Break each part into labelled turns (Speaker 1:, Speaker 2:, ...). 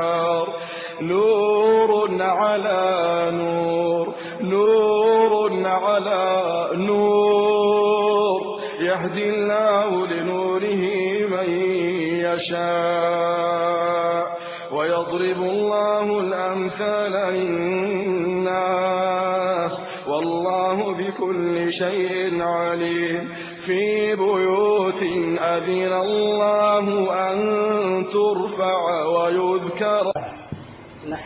Speaker 1: نور على نور نور على نور يهدي الله لنوره من يشاء ويضرب الله الأمثال للناس والله بكل شيء عليم في بيوت أذن الله أن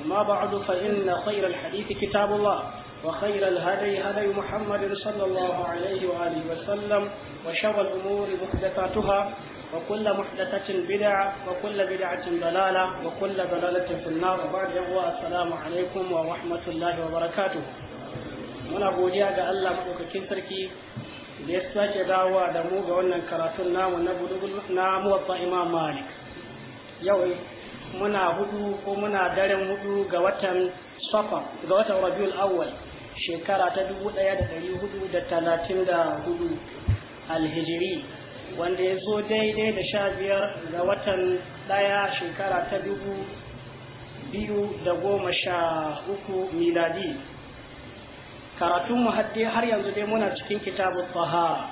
Speaker 2: وما بعد فإن خير الحديث كتاب الله وخير الهدي هدي محمد صلى الله عليه وآله وسلم وشر الأمور محدثاتها وكل محدثة بدعة وكل بدعة ضلالة وكل ضلالة في النار وبعد السلام عليكم ورحمة الله وبركاته muna godiya ga Allah maɗaukakin sarki da ya sake dawowa da mu ga wannan karatun namu na budugul na muwatta imam malik yau muna hudu ko muna daren hudu ga watan safa ga watan rabiul awwal shekara ta 1434 alhijiri wanda ya zo daidai da sha biyar ga watan daya shekara ta dubu biyu da goma sha uku miladi karatun mu har yanzu dai muna cikin kitabu tsaha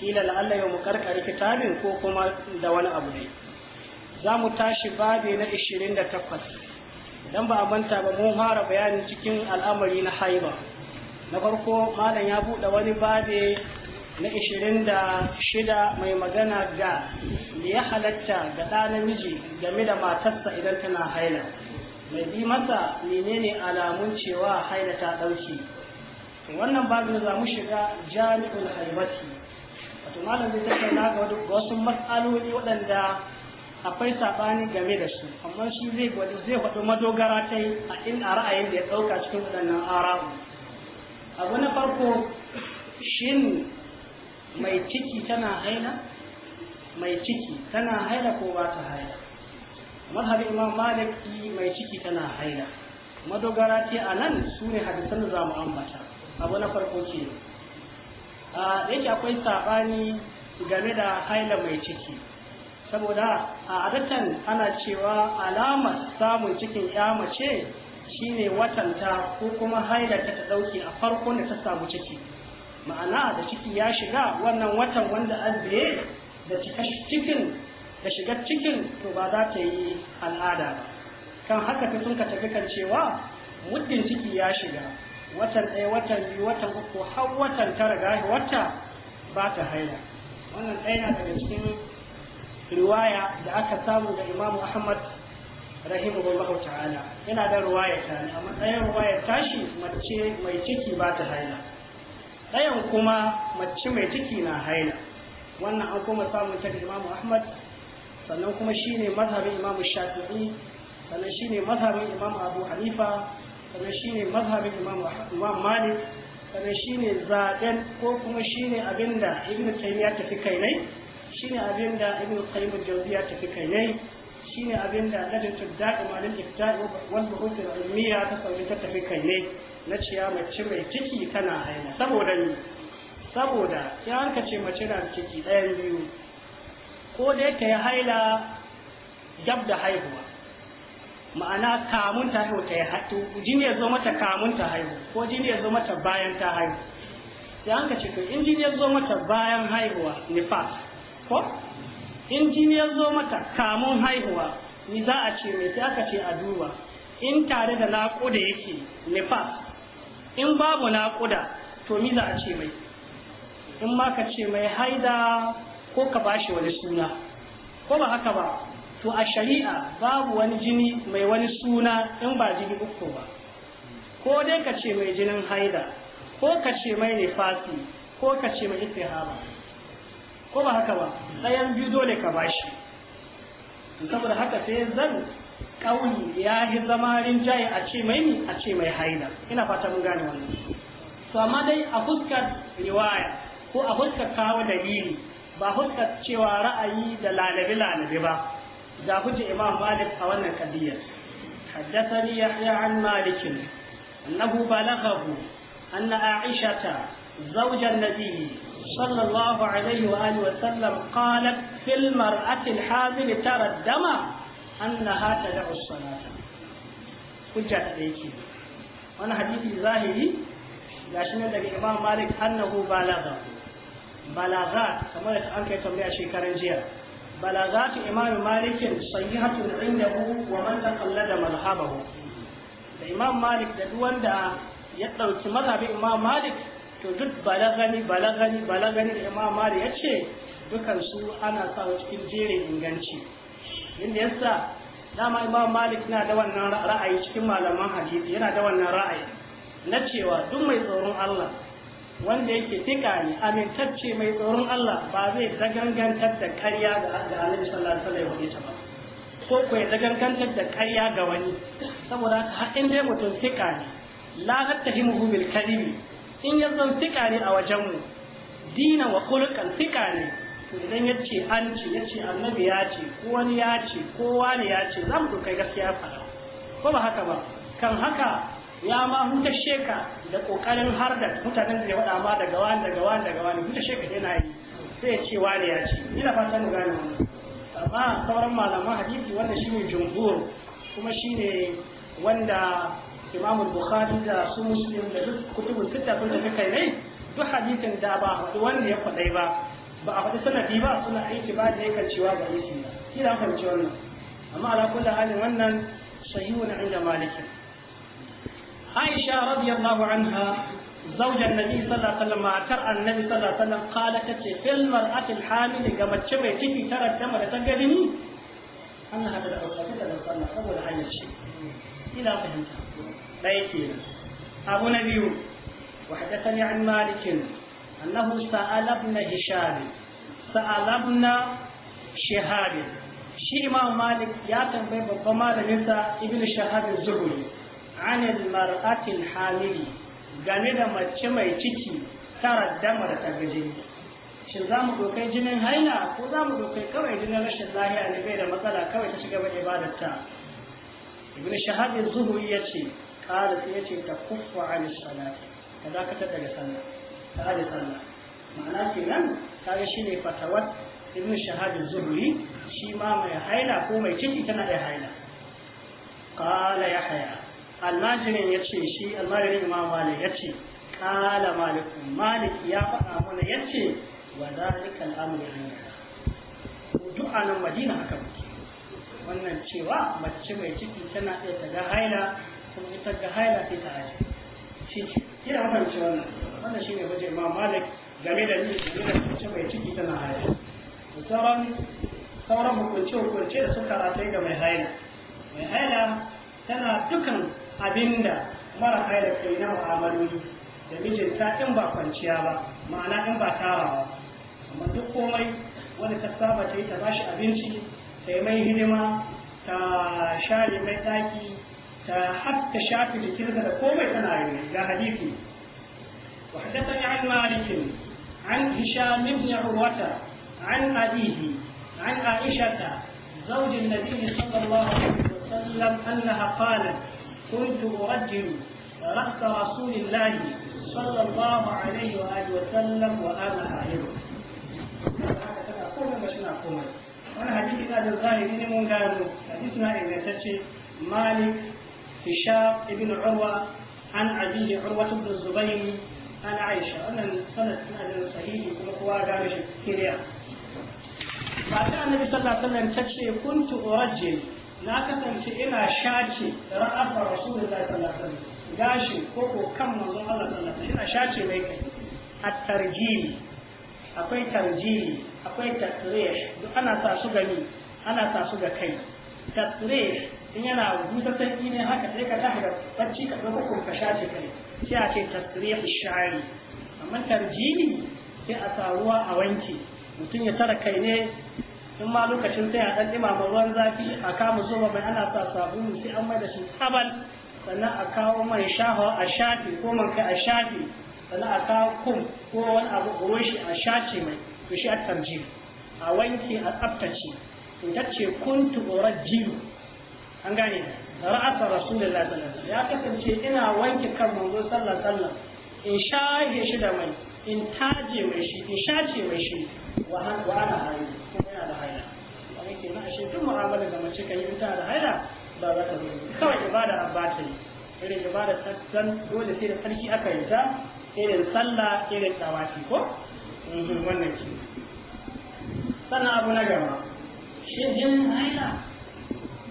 Speaker 2: kila la'alla yau mu karkare kitabin ko kuma da wani abu ne za mu tashi babi na 28 idan ba a manta ba mu fara bayanin cikin al'amari na haiba na farko malam ya buɗe wani babi na 26 mai magana ga ya halatta ga ɗa namiji game da matarsa idan tana haila mai bi masa menene alamun cewa haila ta ɗauki wannan babin za mu shiga jami'ul haibati wato malam zai tattauna ga wasu matsaloli waɗanda akwai saɓani game da su amma shi zai gwada zai faɗo madogara ta yi a in a ra'ayin da ya ɗauka cikin waɗannan ara'u abu na farko shin mai ciki tana haila mai ciki tana haila ko ba ta haila mazhabi imam malik mai ciki tana haila madogara ta yi a nan su ne hadisan za mu ambata abu na farko ke a yake akwai saɓani game da haila mai ciki saboda a adatan ana cewa alamar samun cikin ya mace shine watanta ko kuma haidata ta ɗauke a farkon da ta samu ciki ma'ana da ciki ya shiga wannan watan wanda an biye da cikin da shiga cikin to ba za ta yi al'ada ba kan haka ta sun ka tafi kan cewa muddin ciki ya shiga watan ɗaya watan biyu watan uku har watan tara gashi wata ba ta haila wannan ɗaya na daga cikin riwaya da aka samu da Imam Ahmad rahimahullahu ta'ala yana da riwaya ta ne amma ɗayan riwaya tashi mace mai ciki ba ta haila ɗayan kuma mace mai ciki na haila wannan an kuma samun ta da Imam Ahmad sannan kuma shine mazhabin Imam Shafi'i sannan shine mazhabin Imam Abu Hanifa sannan shine mazhabin Imam Imam Malik sannan shine zaben ko kuma shine abinda Ibn Taymiyyah tafi kai ne shine abin da ibn qayyim al-jawziya ta fika yayi shine abin da ladatul da'ima lil ifta'i wal buhuth al-ilmiya ta sauri ta tafi kai ne na ciya mace mai ciki tana haila saboda ni saboda ya an ce mace na ciki ɗayan biyu ko da yake ya haila gab da haihuwa ma'ana kamun ta haihuwa ta yi hatu jini ya zo mata kamun ta haihuwa ko jini ya zo mata bayan ta haihuwa. sai an ce to in jini ya zo mata bayan haihuwa nifas ko in jini ya zo mata kamun haihuwa ni za a ce mai sai aka ce a duba in tare da naƙuda yake nifas in babu naƙuda to ni za a ce mai in ma ka ce mai haida ko ka bashi wani suna ko ba haka ba to a shari'a babu wani jini mai wani suna in ba jini uku ba ko dai ka ce mai jinin haida ko ka ce mai nifasi ko ka ce mai istihaba ko ba haka ba ɗayan biyu dole ka bashi to saboda haka sai zan ƙauni ya yi zama rinjaye a ce mai ni a ce mai haida. ina fata mun gane wannan to amma dai a fuskar riwaya ko a fuskar kawo dalili ba fuskar cewa ra'ayi da lalabi lalabi ba da kuje imam malik a wannan kadiyar حدثني يحيى عن مالك أنه Aisha ta. عائشة زوج النبي صلى الله عليه وآله وسلم قالت في المرأة الحامل ترى الدم أنها تدع الصلاة حجة عليك وأنا حديثي ظاهري لكن عند الإمام مالك أنه بلغ بلاغات كما أنك تنبيع شيء كرنجية بلاغات إمام مالك صحيحة عنده ومن تقلد مذهبه الإمام مالك ده wanda ya ɗauki mazhabin Imam Malik to duk balagani balagani balagani da imam mari ya ce dukan su ana sa wa cikin jerin inganci inda yasa dama imam malik na da wannan ra'ayi cikin malaman hadisi yana da wannan ra'ayi na cewa duk mai tsoron Allah wanda yake tika ne amintacce mai tsoron Allah ba zai dagangantar da ƙarya ga Annabi sallallahu alaihi wasallam ba ko ko ya dagangantar da karya ga wani saboda haka har in dai mutum tika ne la himu bil kalimi in ya zan fika ne a wajenmu dina wa kulkan fika ne to idan ya ce an ce ya ce annabi ya ce ko wani ya ce ko wani ya ce za mu dokai gaskiya fara ko ba haka ba kan haka ya ma huta sheka da kokarin har da mutanen da ya faɗa ma daga wani daga wani daga wani huta sheka yana yi sai ya ce wani ya ce ina fata mu gane wannan amma sauran malaman hadisi wanda shine jumhur kuma shine wanda imam bukhari da su muslim da duk kutubu sita sun da suka duk hadisin da ba a faɗi wanda ya faɗai ba ba a faɗi sanadi ba suna aiki ba da yakan cewa ga isi ba kila kan ci wannan amma ala kullu halin wannan na inda maliki aisha radiyallahu anha زوج النبي صلى الله عليه وسلم ماتر النبي صلى الله عليه وسلم قالت تتي في المرأة الحامل كما تشبه تكي ترى الدم لتنقذني أنا هذا الأوقات إذا صلى الله عليه وسلم إلى فهمتها أيكين أبو نبي وحدثني عن مالك أنه سأل ابن هشام سأل ابن شهاب shi imam malik ya tambayi babban malaminsa ibn shahab zuhuri an mar'atin hamili game da mace mai ciki tara damar ta gaji shin za mu dokai jinin haila ko za mu dokai kawai jinin rashin lahiya na bai da matsala kawai ta shiga ba ibadarta ibn shahab zuhuri ya ce kada sai ya ce ta kufa a nishanati ka za ka taɗa ga sana ta hada sana ma'ana ke nan ta shi ne fatawar ibn shahadar zuhuri shi ma mai haila ko mai ciki tana da haila kala ya haya almajirin ya ce shi almajirin imam malik ya ce kala malik malik ya faɗa mana ya ce wa za a rika al'amari a du'a nan madina haka muke wannan cewa mace mai ciki tana iya ta ga haila kuma ita ga haila sai ta haji shi ina fahimci wannan wannan shi ne ma malik game da ni game da ce mai ciki tana haila to sauran sauran hukunce hukunce da suka rataye ga mai haila mai haila tana dukan abinda mara haila kai na mu'amaloli da mijinta in ba kwanciya ba ma'ana in ba tarawa amma duk komai wani ta saba ta yi ta bashi abinci ta yi mai hidima ta share mai daki ta haska shafi jikinsa da komai tana yi ga hadisi wa haddathani an malik an hisham ibn urwata an abihi an aisha زوج النبي صلى الله عليه وسلم انها قالت كنت ارجل رأس رسول الله صلى الله عليه واله وسلم وانا حائض wani hadisi na da zahiri ne mun gano hadisi na هشام بن عروة عن أبيه عروة بن الزبير عن عائشة أن سند سند صحيح وهو قال كريا بعد النبي صلى الله عليه وسلم تشي كنت أرجل na kasance ina shace ra'afar rasulullahi sallallahu alaihi wasallam gashin koko kan manzon Allah sallallahu alaihi shace mai kai at-tarjili akwai tarjili akwai tatrish duk ana sa gani ana sa ga kai tatrish in yana busassan ne haka sai ka tashi da bacci ka ɗauka ko ka shace kai sai a ce fi shari amma tarjini sai a sa a wanke mutum ya tara kai ne in ma lokacin sai a ɗan ɗima ruwan zafi a kama zoba mai ana sa sabulu sai an mai da shi tsabar. sannan a kawo man shaho a shafi ko man kai a shafi sannan a kawo kum ko wani abu shi a shace mai to shi a tarjini a wanke a tsaftace in ce kuntu jiru. an gane ra'asa rasulullah sallallahu alaihi ya kasance ina wanke kan manzo sallallahu alaihi in shaje shi da mai in taje mai shi in shace mai shi wa ana hayi kuma yana da haila wani ke na ashe duk mu'amala da mace kan yi ta da haila ba za ta zo kawai ibada abba ta yi irin ibada ta san dole sai da sarki aka yi ta irin sallah irin tawafi ko mhm, wannan ke sannan abu na gaba shi jin haila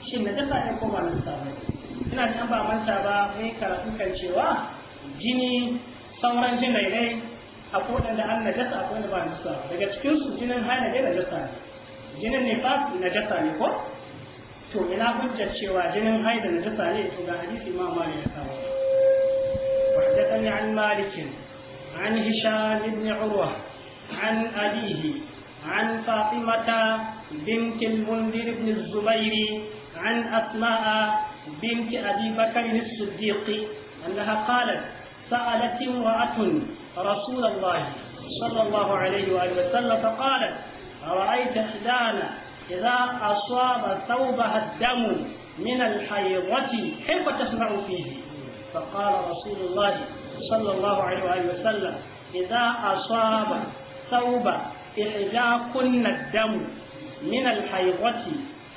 Speaker 2: shin na jasa ne ko ba na jasa ba ina da ba manta ba mun karatu kan cewa jini sauran jinai ne a kodan da an najasa a kodan da ba najasa daga cikin su jinin hana ne najasa ne jinin ne fa najasa ne ko to ina hujjar cewa jinin haida najasa ne to ga hadisi ma mali ya kawo وحدثني an مالك an هشام بن عروة عن أبيه عن فاطمة بنت المنذر بن الزبير عن أسماء بنت أبي بكر الصديق أنها قالت سألت امرأة رسول الله صلى الله عليه وآله وسلم فقالت أرأيت إحدانا إذا أصاب ثوبها الدم من الحيضة كيف تسمع فيه؟ فقال رسول الله صلى الله عليه وآله وسلم إذا أصاب ثوب إحداكن الدم من الحيضة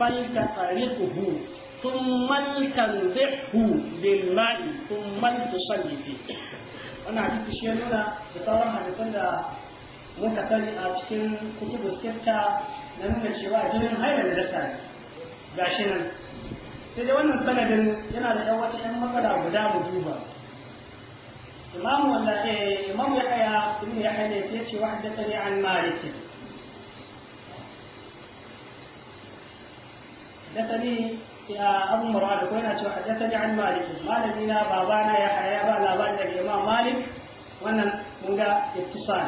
Speaker 2: فلتطرقه ثم لتنزعه بالماء ثم لتصلي فيه انا عندي shi ya nuna da sauran hadisan da muka sani a cikin kutubu sitta na nuna cewa jinin haila da dasa ga shi nan sai dai wannan sanadin yana da wata yan makara guda mu duba imamu wanda ya kaya, ibn ya haya an حدثني أبو مراد كوين حدثني عن مالك مالك إلى بابانا يا حيا بابا بابانا الإمام مالك وأنا منجا اتصال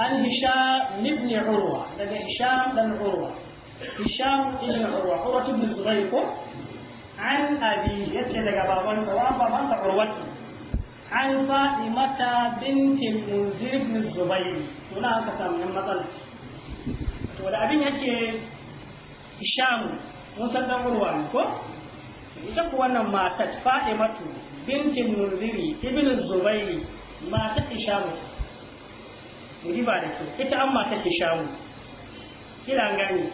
Speaker 2: عن هشام بن عروة لدى هشام بن عروة هشام بن عروة عروة بن الزبير عن أبي يتلقى بابان وأبا بابان عروته عن فاطمة بنت المنذر بن الزبير هنا كتاب من مطلع ولأبين يتي هشام mun san dan urwa ne ko ita ku wannan matar matu, binti munziri ibn zubairi matar ishamu mu ba da ke ita an matar ishamu kira gani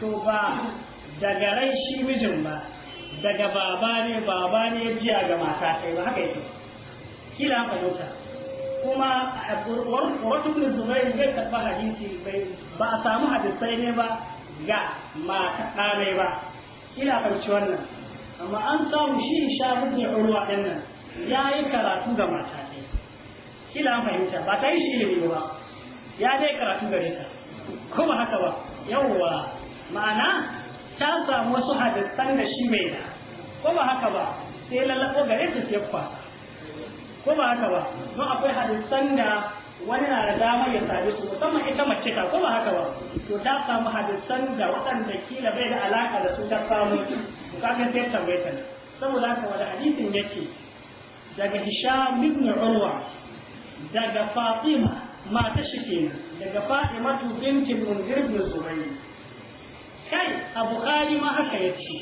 Speaker 2: to ba daga rai shi mijin ba daga baba ne baba ne jiya ga mata sai ba haka yake kila an fahimta kuma a wata ibn zubairi zai karɓa hadisi bai ba a samu hadisai ne ba ga mata mai ba ina fahimci wannan amma an samu shi sha mutum ruwa ɗin nan ya yi karatu ga mata ne kila fahimta ba ta yi shi ilimi ba ya dai karatu gare ta kuma haka ba yawwa ma'ana ta samu wasu hadisan da shi mai na ko ba haka ba sai lalako gare ta sai kwasa ko ba haka ba don akwai hadisan da wani na da damar ya sadu su musamman ita mace ta ko ba haka ba to ta samu hadisan da waɗanda kila bai da alaka da su ta samu to ga sai tambaye ta saboda haka wani hadisin yake daga Hisham ibn Urwa daga Fatima mata shi daga Fatima tu binti Munzir ibn Zubayr kai a Bukhari ma haka yace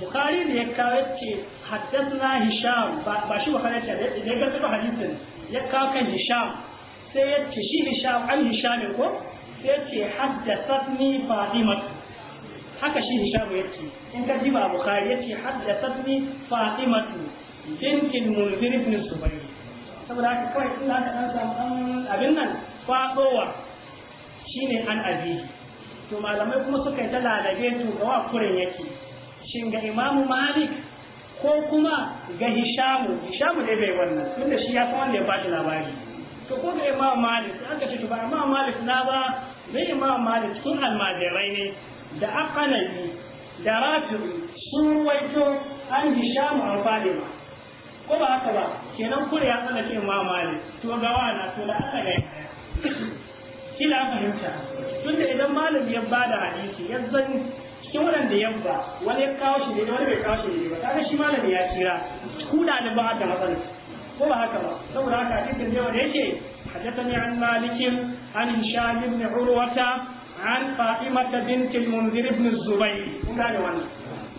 Speaker 2: Bukhari ne ya kawo yace haddathna Hisham ba shi Bukhari ce da ya ga hadisin ya kawo kan Hisham sai ya ce shi hisham an hisham ko sai ya ce haddathatni fatima haka shi hisham ya ce in ka ji ba bukhari ya ce haddathatni fatima bintin munzir ibn zubair saboda haka kawai in aka dan samu abin nan fadowa shine an abihi to malamai kuma suka yi ta lalabe to ga wa kuren yake shin ga imamu malik ko kuma ga hishamu hishamu ne bai wannan tunda shi ya san wanda ya ba labari to ko ga imam malik an ka ce to ba imam malik na ba ne imam malik sun almajirai ne da aqalani da rafi'u sun waito an hisham an fadima ko ba haka ba kenan kure ya tsallake imam malik to ga wana to da Allah ga kila fahimta tunda idan malam ya bada hadisi ya zan cikin waɗanda yabba wani ya kawo shi ne wani bai kawo shi ne ba kaga shi malami ya tsira, ku da ba da matsala kuma haka ba saboda haka duk da yawa da yake hadathani an malikin an hisham ibn urwata an fa'ima ta binti munzir ibn zubayr kun ga wannan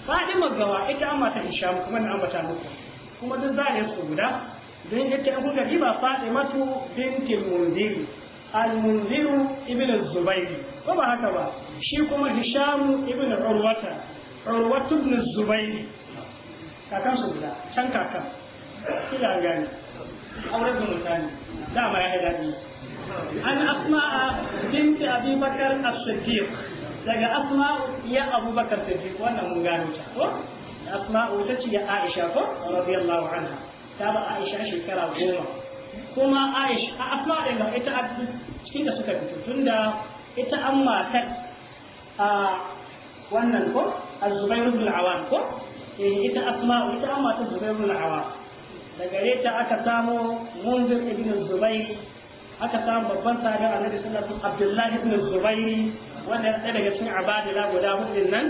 Speaker 2: fa'ima gawa ita amma ta hisham kuma na ambata muku kuma duk za a yasu guda dan yake an kuka riba fa'ima tu binti munzir al munzir ibn zubayr kuma haka ba shi kuma hisham ibn urwata urwata ibn zubayr kakan guda can kakan kila an gane auren zumunta ne dama ya daɗi an asma'a binti abi bakar as daga asma ya abubakar siddiq wannan mun gano ta ko asma'u ta ce ya aisha ko radiyallahu anha ta ba aisha shekara goma kuma aisha asma'u din ga ita cikin da suka fito da ita an matar a wannan ko az zubairu ibn al ko eh, ita asma ita an matar Zubairu ibn al Daga gare aka samo munzir ibn zubair aka samu babban sahabi annabi sallallahu alaihi abdullahi ibn zubair wanda ya daga cikin abadila guda hudun nan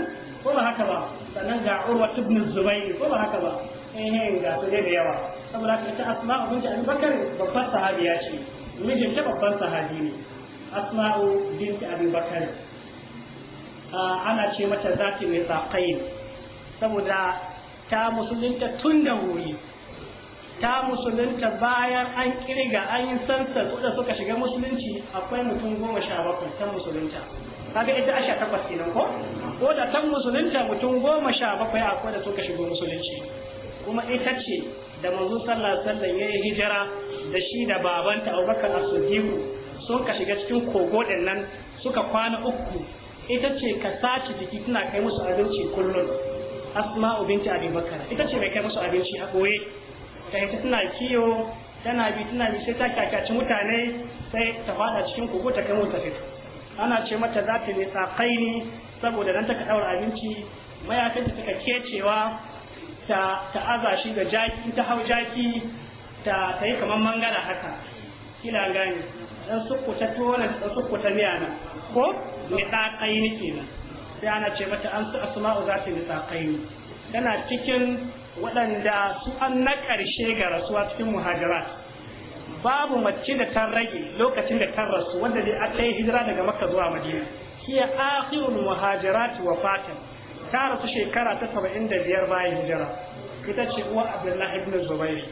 Speaker 2: ko ba haka ba sannan ga urwa ibn zubair ko ba haka ba eh ga su da yawa saboda haka ita asma'u binti abubakar babban ya ce mijin ta babban sahabi ne asma'u binti abubakar ana ce mata zati mai saƙai saboda ta musulunta tun da wuri ta musulunta bayan an kirga an yi sansa da suka shiga musulunci akwai mutum goma sha bakwai ta musulunta kaga ita asha takwas kenan ko ko da ta musulunta mutum goma sha bakwai akwai da suka shiga musulunci kuma ita ce da manzon sallallahu alaihi wasallam yayi hijira da shi da babanta Bakar As-Siddiq sun ka shiga cikin kogo din nan suka kwana uku ita ce ka sace jiki tana kai musu abinci kullum Asma'u binti abubakar ita ce mai kai musu abinci a boye ta ta tana kiyo tana bi tana bi sai ta kyakyaci mutane sai ta fada cikin kogo ta kai mota fito ana ce mata za ta nisa kaini saboda nan taka daura abinci mayafinta taka kecewa ta ta aza shi ga jaki ta hau jaki ta yi kamar mangana haka kila gane dan ta tona dan ta miyana ko da kai ne kenan sai ana ce mata an su asma'u za ta nisa kaini tana cikin waɗanda su an na ƙarshe ga rasuwa cikin muhajirat babu mace da ta rage lokacin da ta rasu wanda dai aka yi hijira daga makka zuwa madina hiya akhirul muhajirat wa fatim ta rasu shekara ta 75 bayan hijira ita ce uwa abdullahi ibn zubairi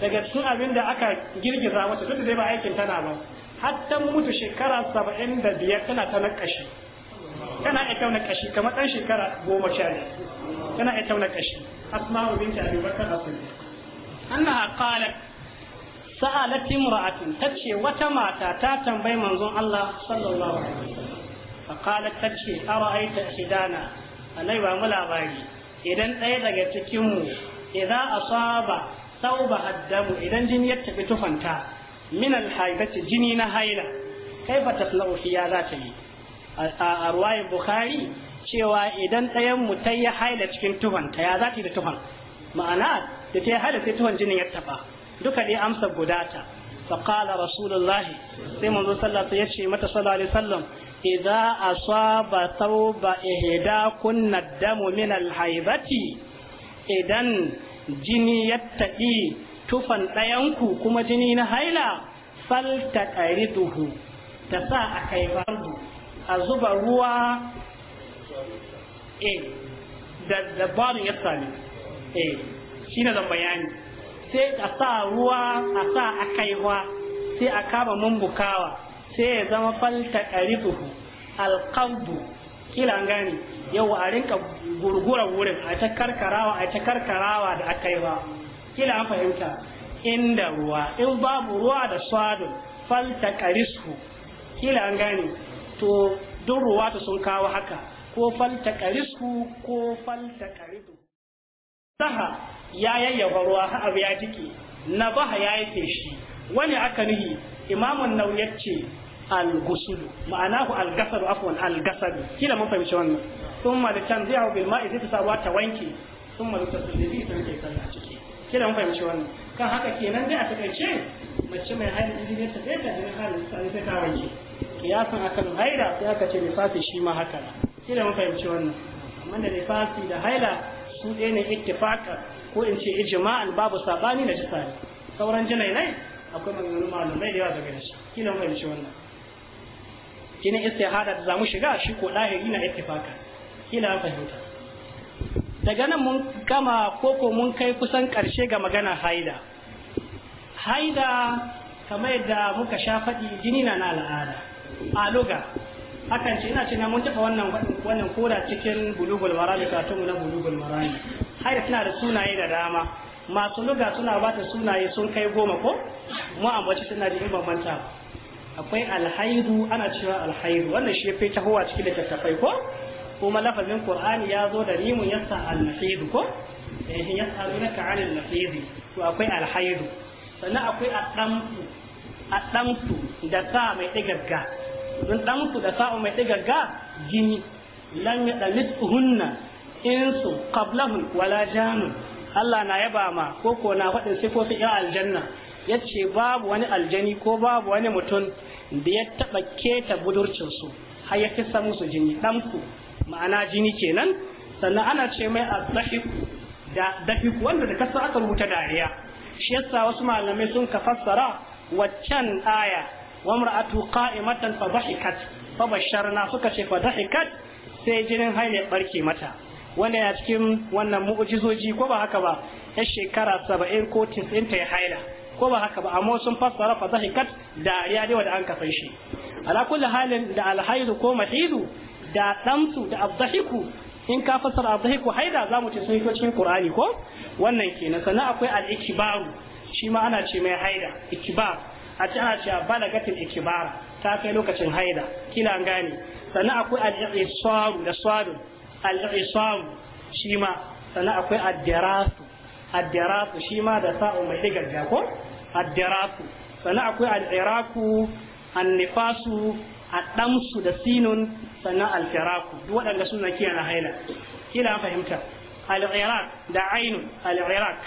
Speaker 2: daga cikin abin da aka girgiza mata duk da dai ba aikin tana ba hatta mutu shekara saba'in da biyar tana ta na nakashi tana ita nakashi kamar ɗan shekara goma sha ne tana ita nakashi أسماء بنت أبي بكر الصديق أنها قالت سألت امرأة تتشي وتماتا تاتم بين منظوم الله صلى الله عليه وسلم فقالت تتشي أرأيت إحدانا أنا يبقى ملاباري إذن أيضا يتكمو إذا أصاب ثوبها الدم إذن جنيت بتفنتا من الحيبة جنين هايلة كيف تصنع في ذاته البخاري cewa idan ɗayan mu ta yi haila cikin tuhon ya zaki da tuhon ma'ana da ta yi haila sai tuhon jinin ya taɓa duka dai amsa gudata, ta faqala rasulullahi sai manzo sallallahu alaihi wasallam mata sallallahu alaihi wasallam idza asaba thawba ihda kunna damu min alhaibati idan jini ya taɗi tufan ɗayanku kuma jini na haila falta ta sa a kai bandu a zuba ruwa eh da da ya sami shi eh, shine zan bayani sai a sa ruwa a sa akaiwa sai a kama mambukawa, sai ya zama falta qaribuhu alqabdu kila gani yau a rinka gurgurar wurin a ta karkarawa a ta karkarawa da akaiwa kila an fahimta inda ruwa in babu ruwa da swadun falta qarisku kila an gane to duk ruwa ta sun kawo haka ko faltaqarisku ko faltaqaridu saha ya yayyafa ruwa ha abu ya jike, na baha ya yi feshi, wani aka nuhi imamun nau ce al-gusulu ma'anahu al gasaru afwan al gasaru kila mun fahimci wannan ma da hau bil ma'i zai ta sabuwa ta wanke ma da zai sai ta sallah ciki kila mun fahimci wannan kan haka kenan dai a takaice mace mai haila jini ta sai ta jini haila sai ta wanke kiyasan akan haida sai aka ce lissafi shi ma haka kila mun fahimci wannan amma da nifasi da haila su ɗaya ne ittifaka ko in ce ijma'an babu sabani da shi sauran jinai nai akwai maganganun malamai da yawa daga shi kila mun fahimci wannan kina istihada da zamu shiga shi ko lahiri na ittifaka kila mun fahimta daga nan mun gama koko mun kai kusan karshe ga magana haida haida kamar yadda muka sha faɗi jini na na al'ada a hakan ce ina ce na mun taɓa wannan wannan koda cikin bulugul marami tumu na bulugul marami hayar suna da sunaye da dama masu luga suna ba ta sunaye sun kai goma ko mu ambaci suna da in manta akwai alhaidu ana cewa alhaidu wannan shi ta tahowa cikin littattafai ko kuma lafazin qur'ani ya zo da rimun yasa alhaidu ko eh yas'alunaka 'anil mahidi to akwai alhaidu sannan akwai adamtu adamtu da sa mai digagga don ku da sa'o mai ɗiga ga jini lam ya ɗalit hunna insu qablahun wala janu Allah na yaba ma ko ko na faɗin sifofin yan aljanna yace babu wani aljani ko babu wani mutum da ya taɓa keta su. har ya kisa musu jini ku. ma'ana jini kenan sannan ana ce mai a da dahiku wanda da kasa aka rubuta dariya shi yasa wasu malamai sun ka fassara waccan aya wa mar'atu qa'imatan fa dhahikat fa basharna suka ce fa dhahikat sai jinin haile barke mata wanda ya cikin wannan mu'jizoji ko ba haka ba ya shekara 70 ko 90 ta haila ko ba haka ba amma sun fassara fa dhahikat da ya dai wanda an kasan shi ala kulli halin da alhaidu ko mahidu da damsu da abdahiku in ka fassara abdahiku haida za mu ce sun yi cikin qur'ani ko wannan kenan sannan akwai al-ikibaru shi ma ana ce mai haida ikibar a ci ana cewa gatin ikibara ta kai lokacin haida kila gane sannan akwai al isam da swadu al isam shi ma sannan akwai ad-dirasu ad-dirasu shi ma da sa'u mai digarga ko ad-dirasu sannan akwai al-iraku an-nifasu ad-damsu da sinun sannan al-firaku duk waɗanda suna na haila kila fahimta al-iraq da ainun al-iraq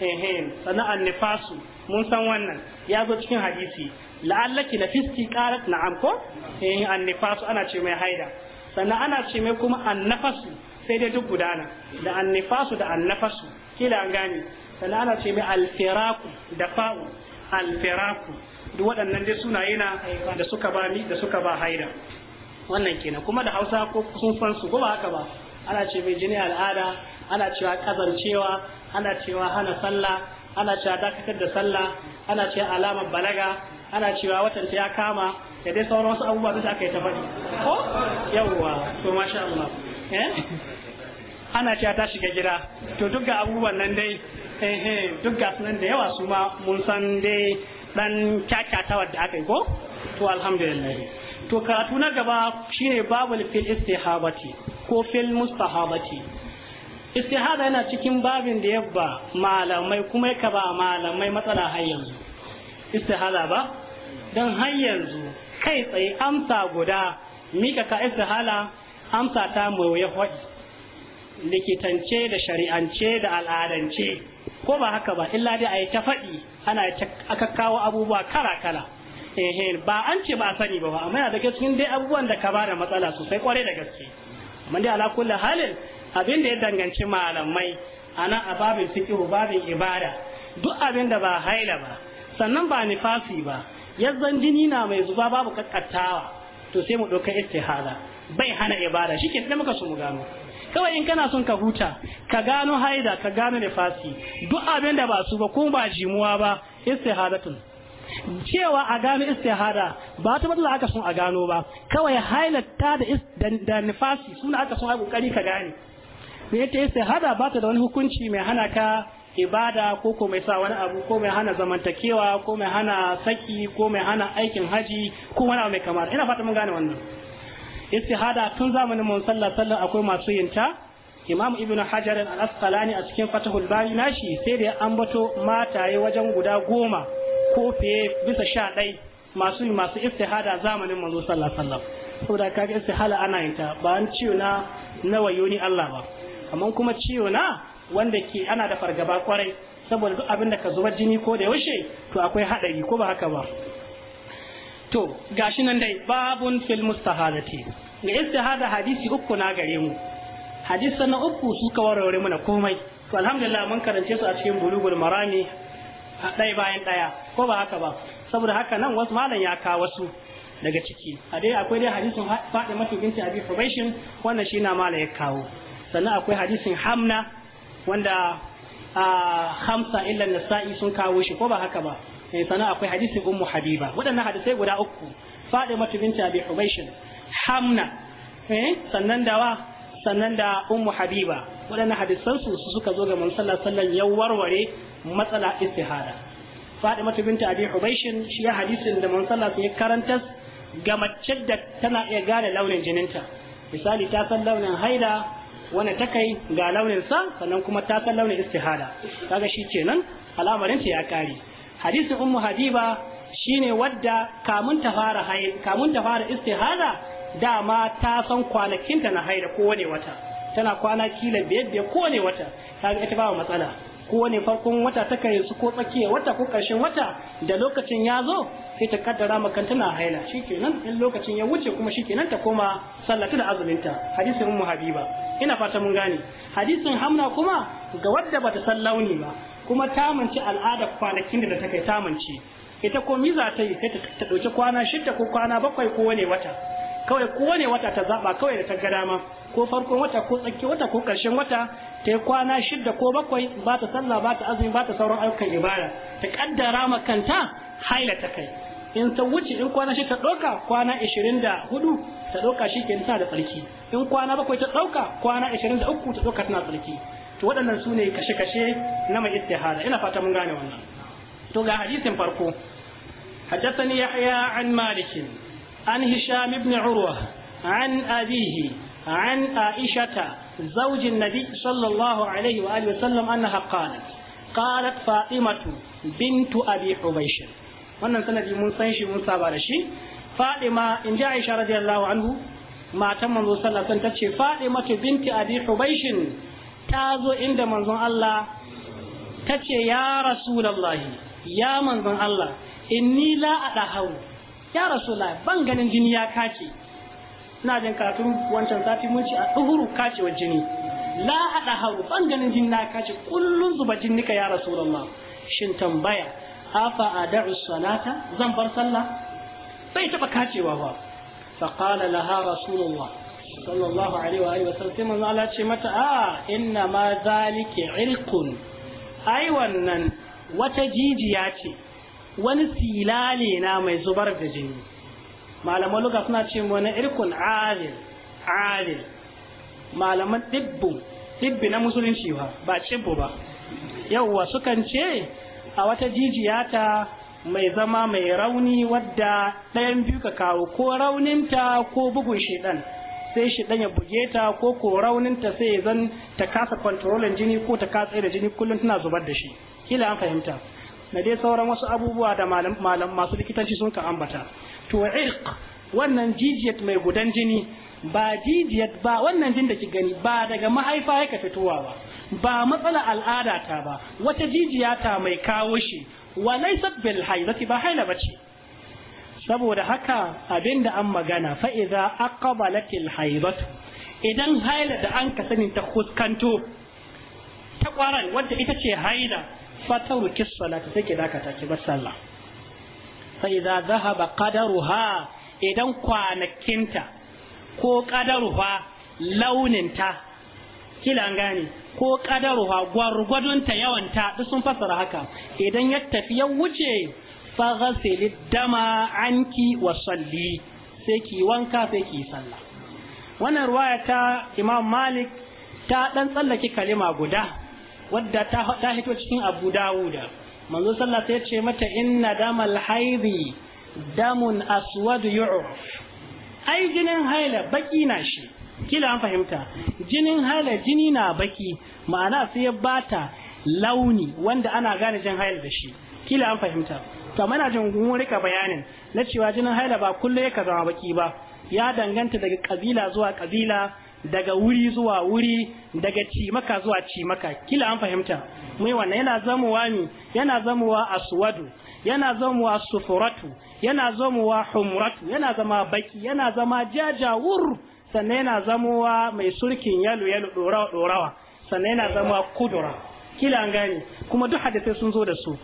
Speaker 2: ehem sannan an-nifasu mun san wannan ya zo cikin hadisi la'allaki na nafisti qarat na ko eh annifasu ana ce mai haida sannan ana ce mai kuma annafasu sai dai duk gudana da annifasu da annafasu kila an gane sannan ana ce mai alfiraku da fa'u alfiraku duk waɗannan dai suna na da suka ba ni da suka ba haida wannan kenan kuma da Hausa ko sun san su ko ba haka ba ana ce mai jini al'ada ana cewa kazancewa ana cewa hana sallah ana cewa dakatar da sallah ana cewa alamar balaga ana cewa watan ta ya kama da dai sauran wasu abubuwa da aka yi ta faɗi ko yawwa to masha Allah eh ana cewa ta shiga gida to duk ga abubuwan nan dai eh eh duk ga sunan da yawa su ma mun san dai dan kyakkyatawa da aka yi ko to alhamdulillah to karatu na gaba shine babul fil istihabati ko fil mustahabati istihada yana cikin babin da ya ba malamai kuma ya ba malamai matsala har yanzu istihada ba don har yanzu kai tsaye amsa guda mika ka istihala amsa ta mai hoɗi, likitance da shari'ance da al'adance ko ba haka ba illa dai a yi ta faɗi ana aka kawo abubuwa kala kala ba an ce ba a sani ba amma yana da cikin dai abubuwan da ka ba da matsala sosai kwarai da gaske amma dai ala kulli halin abin da ya danganci malamai ana a babin fikiru babin ibada duk abin da ba haila ba sannan ba nifasi ba yazzan jini na mai zuba babu kakkattawa to sai mu ɗauka istihala bai hana ibada shi ke muka su mu gano kawai in kana son ka huta ka gano haida ka gano nifasi duk abin da ba su ba kuma ba jimuwa ba istihadatun cewa a gano istihada ba ta matsala aka son a gano ba kawai hailata da nifasi suna aka son a kokari ka gane me ta hada ba ta da wani hukunci mai hana ka ibada ko ko mai sa wani abu ko mai hana zamantakewa ko mai hana saki ko mai hana aikin haji ko wani abu mai kamar ina fata mun gane wannan istihada tun zamanin mun sallah sallah akwai masu yin ta imam ibnu hajar al-asqalani a cikin fatahul bari nashi sai da ambato mataye wajen guda goma ko fiye bisa sha ɗai masu masu istihada zamanin manzo sallallahu alaihi wasallam saboda kaga istihala ana yin ta ba an ciwo na nawayoni Allah ba kamar kuma ciwo na wanda ke ana da fargaba kwarai saboda duk abin da ka zubar jini ko da yaushe to akwai haɗari ko ba haka ba to gashi nan dai babun fil mustahadati ga istihada hadisi uku na gare mu hadisi na uku suka warware mana komai to alhamdulillah mun karance su a cikin bulugul a ɗaya bayan ɗaya ko ba haka ba saboda haka nan wasu malam ya kawo wasu daga ciki a dai akwai dai hadisin faɗi mafi binti abi probation wannan shi na malam ya kawo sannan akwai hadisin hamna wanda a hamsa illa nasa'i sun kawo shi ko ba haka ba eh sannan akwai hadisin ummu habiba waɗannan hadisai guda uku fadima binti abi hubaishin hamna eh sannan dawa sannan da ummu habiba waɗannan hadisan su suka zo ga manzon sallallahu alaihi wasallam ya warware matsala istihada fadima binti abi hubaishin shi hadisin da manzon sallallahu alaihi wasallam ya karantas ga mace da tana iya gane launin jininta misali ta san launin haida wani ta kai ga launin sa sannan kuma ta san launin istihada kaga shi kenan alamarinta ya kare hadisin ummu habiba shine wadda kamun ta fara haid kamun ta fara istihada dama ta san kwanakinta na haida kowane wata tana kwana kila biyar biyar kowane wata kaga ita ba matsala Ko kowane farkon wata ta kai su ko tsakiya wata ko karshen wata da lokacin ya zo sai ta kaddara makan tana haila shikenan in lokacin ya wuce kuma shi shikenan ta koma sallata da azuminta hadisin ummu habiba ina fata mun gane hadisin hamna kuma ga wadda bata san launi ba kuma ta manci al'ada kwanakin da ta kai ta manci ita ko miza ta yi sai ta dauki kwana shida ko kwana bakwai ko wani wata kawai ko wani wata ta zaba kawai da ta ga dama ko farkon wata ko tsakki wata ko karshen wata ta yi kwana shida ko bakwai ba ta sallah ba ta azumi ba ta sauran ayyukan ibada ta kaddara makanta haila ta kai in ta wuce in kwana shi ta ɗauka kwana hudu ta ɗauka shi ke tana da tsarki in kwana bakwai ta ɗauka kwana uku ta ɗauka tana tsarki to waɗannan su ne kashe-kashe na mai istihara ina fata mun gane wannan to ga hadisin farko حدثني يحيى عن مالك عن هشام بن عروة عن أبيه عن عائشة زوج النبي صلى الله عليه وآله وسلم أنها قالت قالت فاطمة بنت أبي حبيش wannan sanadi mun san shi mun saba da shi fadima in ji aisha radiyallahu anhu matan manzo sallallahu alaihi wasallam tace fadima binti abi hubaishin ta zo inda manzon Allah tace ya rasulullahi ya manzon Allah inni la adahu ya rasulullahi ban ganin jini ya kace ina jin karatun wancan zafi mun ci a kace wa jini la adahu ban ganin jini na kace kullun zuba jinnika ya rasulullahi shin tambaya afa ad'u salata zan bar sallah bai taba kacewa ba fa qala laha rasulullah sallallahu alaihi wa alihi wasallam sai manzo Allah ce mata a inna ma zalika irqun ai wannan wata jijiya ce wani silale na mai zubar da jini malaman luga suna ce wani irkun adil adil malaman dibbu dibbi na musulunci ba ba cibbu ba yawwa sukan ce a wata jijiyata mai zama mai rauni wadda ɗayan biyu ka kawo ko rauninta ko bugun shiɗan sai shedan ya buge ta ko ko rauninta sai ya zan ta kasa kwantarolin jini ko ta kasa da jini kullum tana zubar da shi kila an fahimta na dai sauran wasu abubuwa da malam masu likitanci sun ka ambata to irq wannan jijiyat mai gudan jini ba jijiyat ba wannan jin da ki gani ba daga mahaifa yake fitowa ba ba matsala al'ada ta ba wata jijiya ta mai kawo shi wa laysat bil haidati ba haila bace saboda haka abinda an magana fa idza aqbalatil haidatu idan haila da an ka sani ta kuskanto ta kwaran wanda ita ce haila fataru kisalata take daka ki ba sallah fa idza dhahaba qadaruha idan kwanakinta ko qadaruha launinta kila an gane ko qadaruha gwargwadon ta yawanta duk sun fassara haka idan ya tafi ya wuce fa ghasilid dama anki wa salli sai ki wanka sai ki sallah wannan ruwaya ta Imam Malik ta dan tsallake kalima guda wadda ta ta hito cikin Abu Dawuda manzo sallah sai ya ce mata inna damal haidi damun aswad yu'raf ai jinin haila baki na shi kila an fahimta jinin hala jini na baki ma'ana sai ya bata launi wanda ana gane jin hayar da shi kila an fahimta to mana jin mun rika bayanin na cewa jinin hala ba kullu ya zama baki ba ya danganta daga kabila zuwa kabila daga wuri zuwa wuri daga ci maka zuwa ci maka kila an fahimta mai wannan yana zamuwa ne yana zamuwa aswadu yana zamuwa sufuratu yana zamuwa humratu yana zama baki yana zama jajawur sannan yana zamowa mai surkin yalo yalo dorawa dorawa sannan yana zamowa kudura kila an gane kuma duk hadisai sun zo da su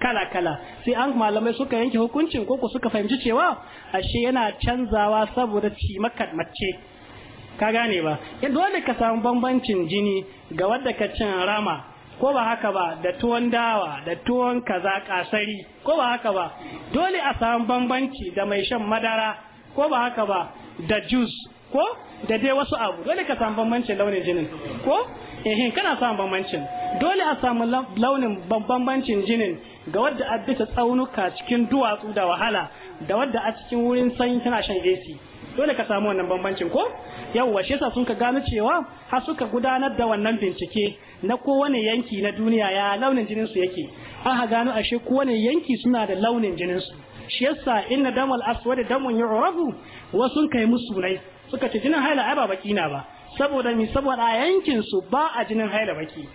Speaker 2: kala kala sai an malamai suka yanke hukuncin ko suka fahimci cewa ashe yana canzawa saboda ci mace ka gane ba dole ka samu bambancin jini ga wanda ka cin rama ko ba haka ba da tuwon dawa da tuwon kaza kasari ko ba haka ba dole a samu bambanci da mai shan madara ko ba haka ba da jus ko da dai wasu abu dole ka samu bambancin launin jinin ko eh kana samu bambancin dole a samu launin bambancin jinin ga wadda a bisa tsaunuka cikin duwatsu da wahala da wadda a cikin wurin sanyi tana shan AC dole ka samu wannan bambancin ko yawwa shi yasa sun ka gano cewa har suka gudanar da wannan bincike na kowane yanki na duniya ya launin jinin su yake aka gano ashe kowane yanki suna da launin jinin su shi yasa inna damal aswad damun yu'rafu wasun kai musu sunai suka ce jinin haila ai ba baki na ba saboda mi saboda a yankin su ba a jinin haila baki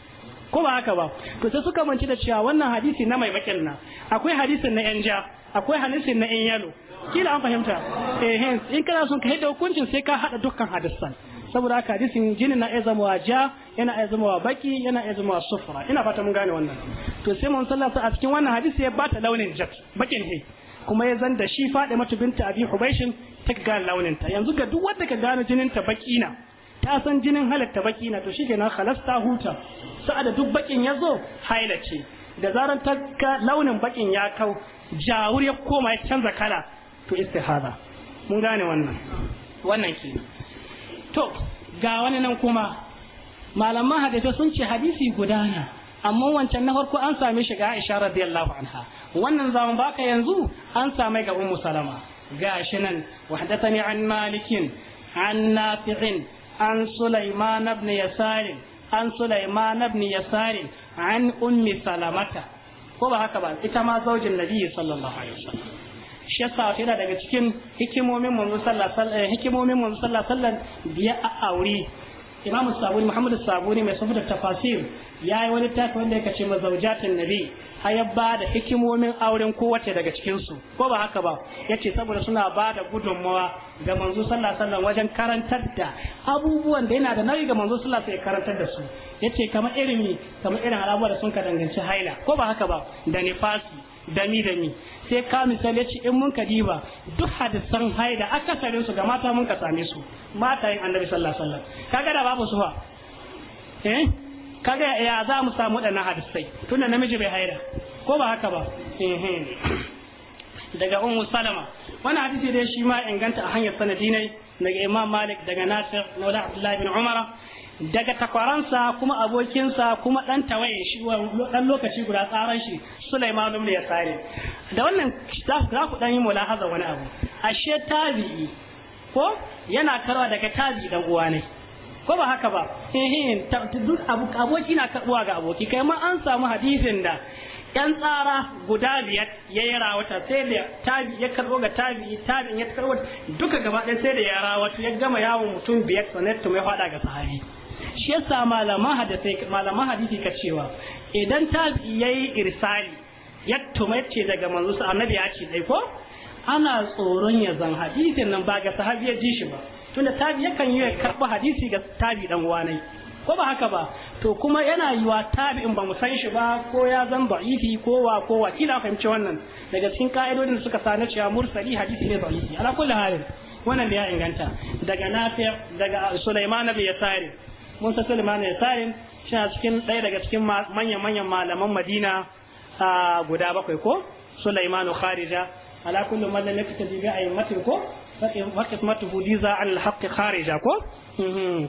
Speaker 2: ko ba haka ba to sai suka manci da cewa wannan hadisi na mai bakin na akwai hadisin na yan ja akwai hadisin na yan yalo kila an fahimta eh hence in kana son ka hada hukuncin sai ka hada dukkan hadisan saboda haka hadisin jinin na iya zama ja yana iya zama baki yana iya zama sufra ina fata mun gane wannan to sai mun sallata a cikin wannan hadisi ya bata launin jak bakin he kuma ya zan da shi mata binta Abi Hubaishin ta gane launinta, yanzu ga duk wanda ka gane jinin ta bakina ta san jinin halatta baki na to na halasta huta sa'ada duk bakin ya zo haila ce da zaran ta ga launin bakin ya kau jawur ya koma ya canza kala to istihada mun gane wannan wannan ke to ga wani nan kuma malaman hadisi sun ce hadisi gudana amma wancan na farko an same shi ga Aisha radiyallahu anha wannan zaman baka yanzu an same ga Ummu Salama gashi nan wahdatani an malikin an nafi'in an Sulaiman ibn Yasar an Sulaiman ibn Yasar an Ummi Salamata ko ba haka ba ita ma zaujin Nabi sallallahu alaihi wasallam shi yasa yana daga cikin hikimomin manzo sallallahu alaihi wasallam hikimomin manzo sallallahu alaihi wasallam biya a aure imamu sabuni muhammadu sabuni mai sufu da tafasir ya yi wani tafi wanda yake ce mazaujatin nabi har ba da hikimomin auren kowace daga cikinsu ko ba haka ba ya ce saboda suna ba da gudunmawa ga manzo sallallahu wajen karantar da abubuwan da yana da nauyi ga manzo sallallahu alaihi karantar da su ya ce kamar irin kamar irin da sun ka danganci haila ko ba haka ba da nifasi dami dami sai ka misali in mun ka diba duk hadisan haida akasarinsu su ga mata mun ka same su mata annabi sallallahu alaihi wasallam kaga da babu su fa eh kaga ya za mu samu na hadisai tunda namiji bai haida ko ba haka ba eh, eh. daga ummu salama wani hadisi dai shi ma inganta a hanyar sanadi ne daga imam malik daga nasir maula abdullahi bin umara daga takwaransa kuma abokinsa kuma ɗan tawaye shi dan lokaci guda tsaran shi Sulaiman ibn Yasari da wannan za ku ɗan yi mulahaza wani abu ashe tabi'i ko yana karwa daga tabi'i dan uwa ne ko ba haka ba eh duk aboki na karbuwa ga aboki kai ma an samu hadisin da yan tsara guda biyar ya yi rawata sai da tabi ya karbo ga tabi tabi ya karbo duka gaba ɗaya sai da ya rawata ya gama yawon mutum biyar sanattu mai faɗa ga sahabi shi yasa malaman hadisi malaman ka cewa idan ta yayi irsali ya tumace daga manzo sa annabi ya ce dai ko ana tsoron ya zan hadisin nan ba ga sahabi ya ji shi ba tunda tabi yakan yi karɓa hadisi ga tabi dan wani ko ba haka ba to kuma yana yi wa tabi in ba mu san shi ba ko ya zan da'ifi ko wa ko wa kila fahimci wannan daga cikin ka'idodin suka sani cewa mursali hadisi ne da'ifi ala kulli halin wannan da ya inganta daga nafi daga Sulaiman bin Yasari Musa Suleiman ne Salim shi cikin ɗaya daga cikin manyan manyan malaman Madina guda bakwai ko Sulaimanu Kharija ala kullum kullu man lam a bi aymatin ko wa qismatuhu hudiza al haqq kharija ko mhm.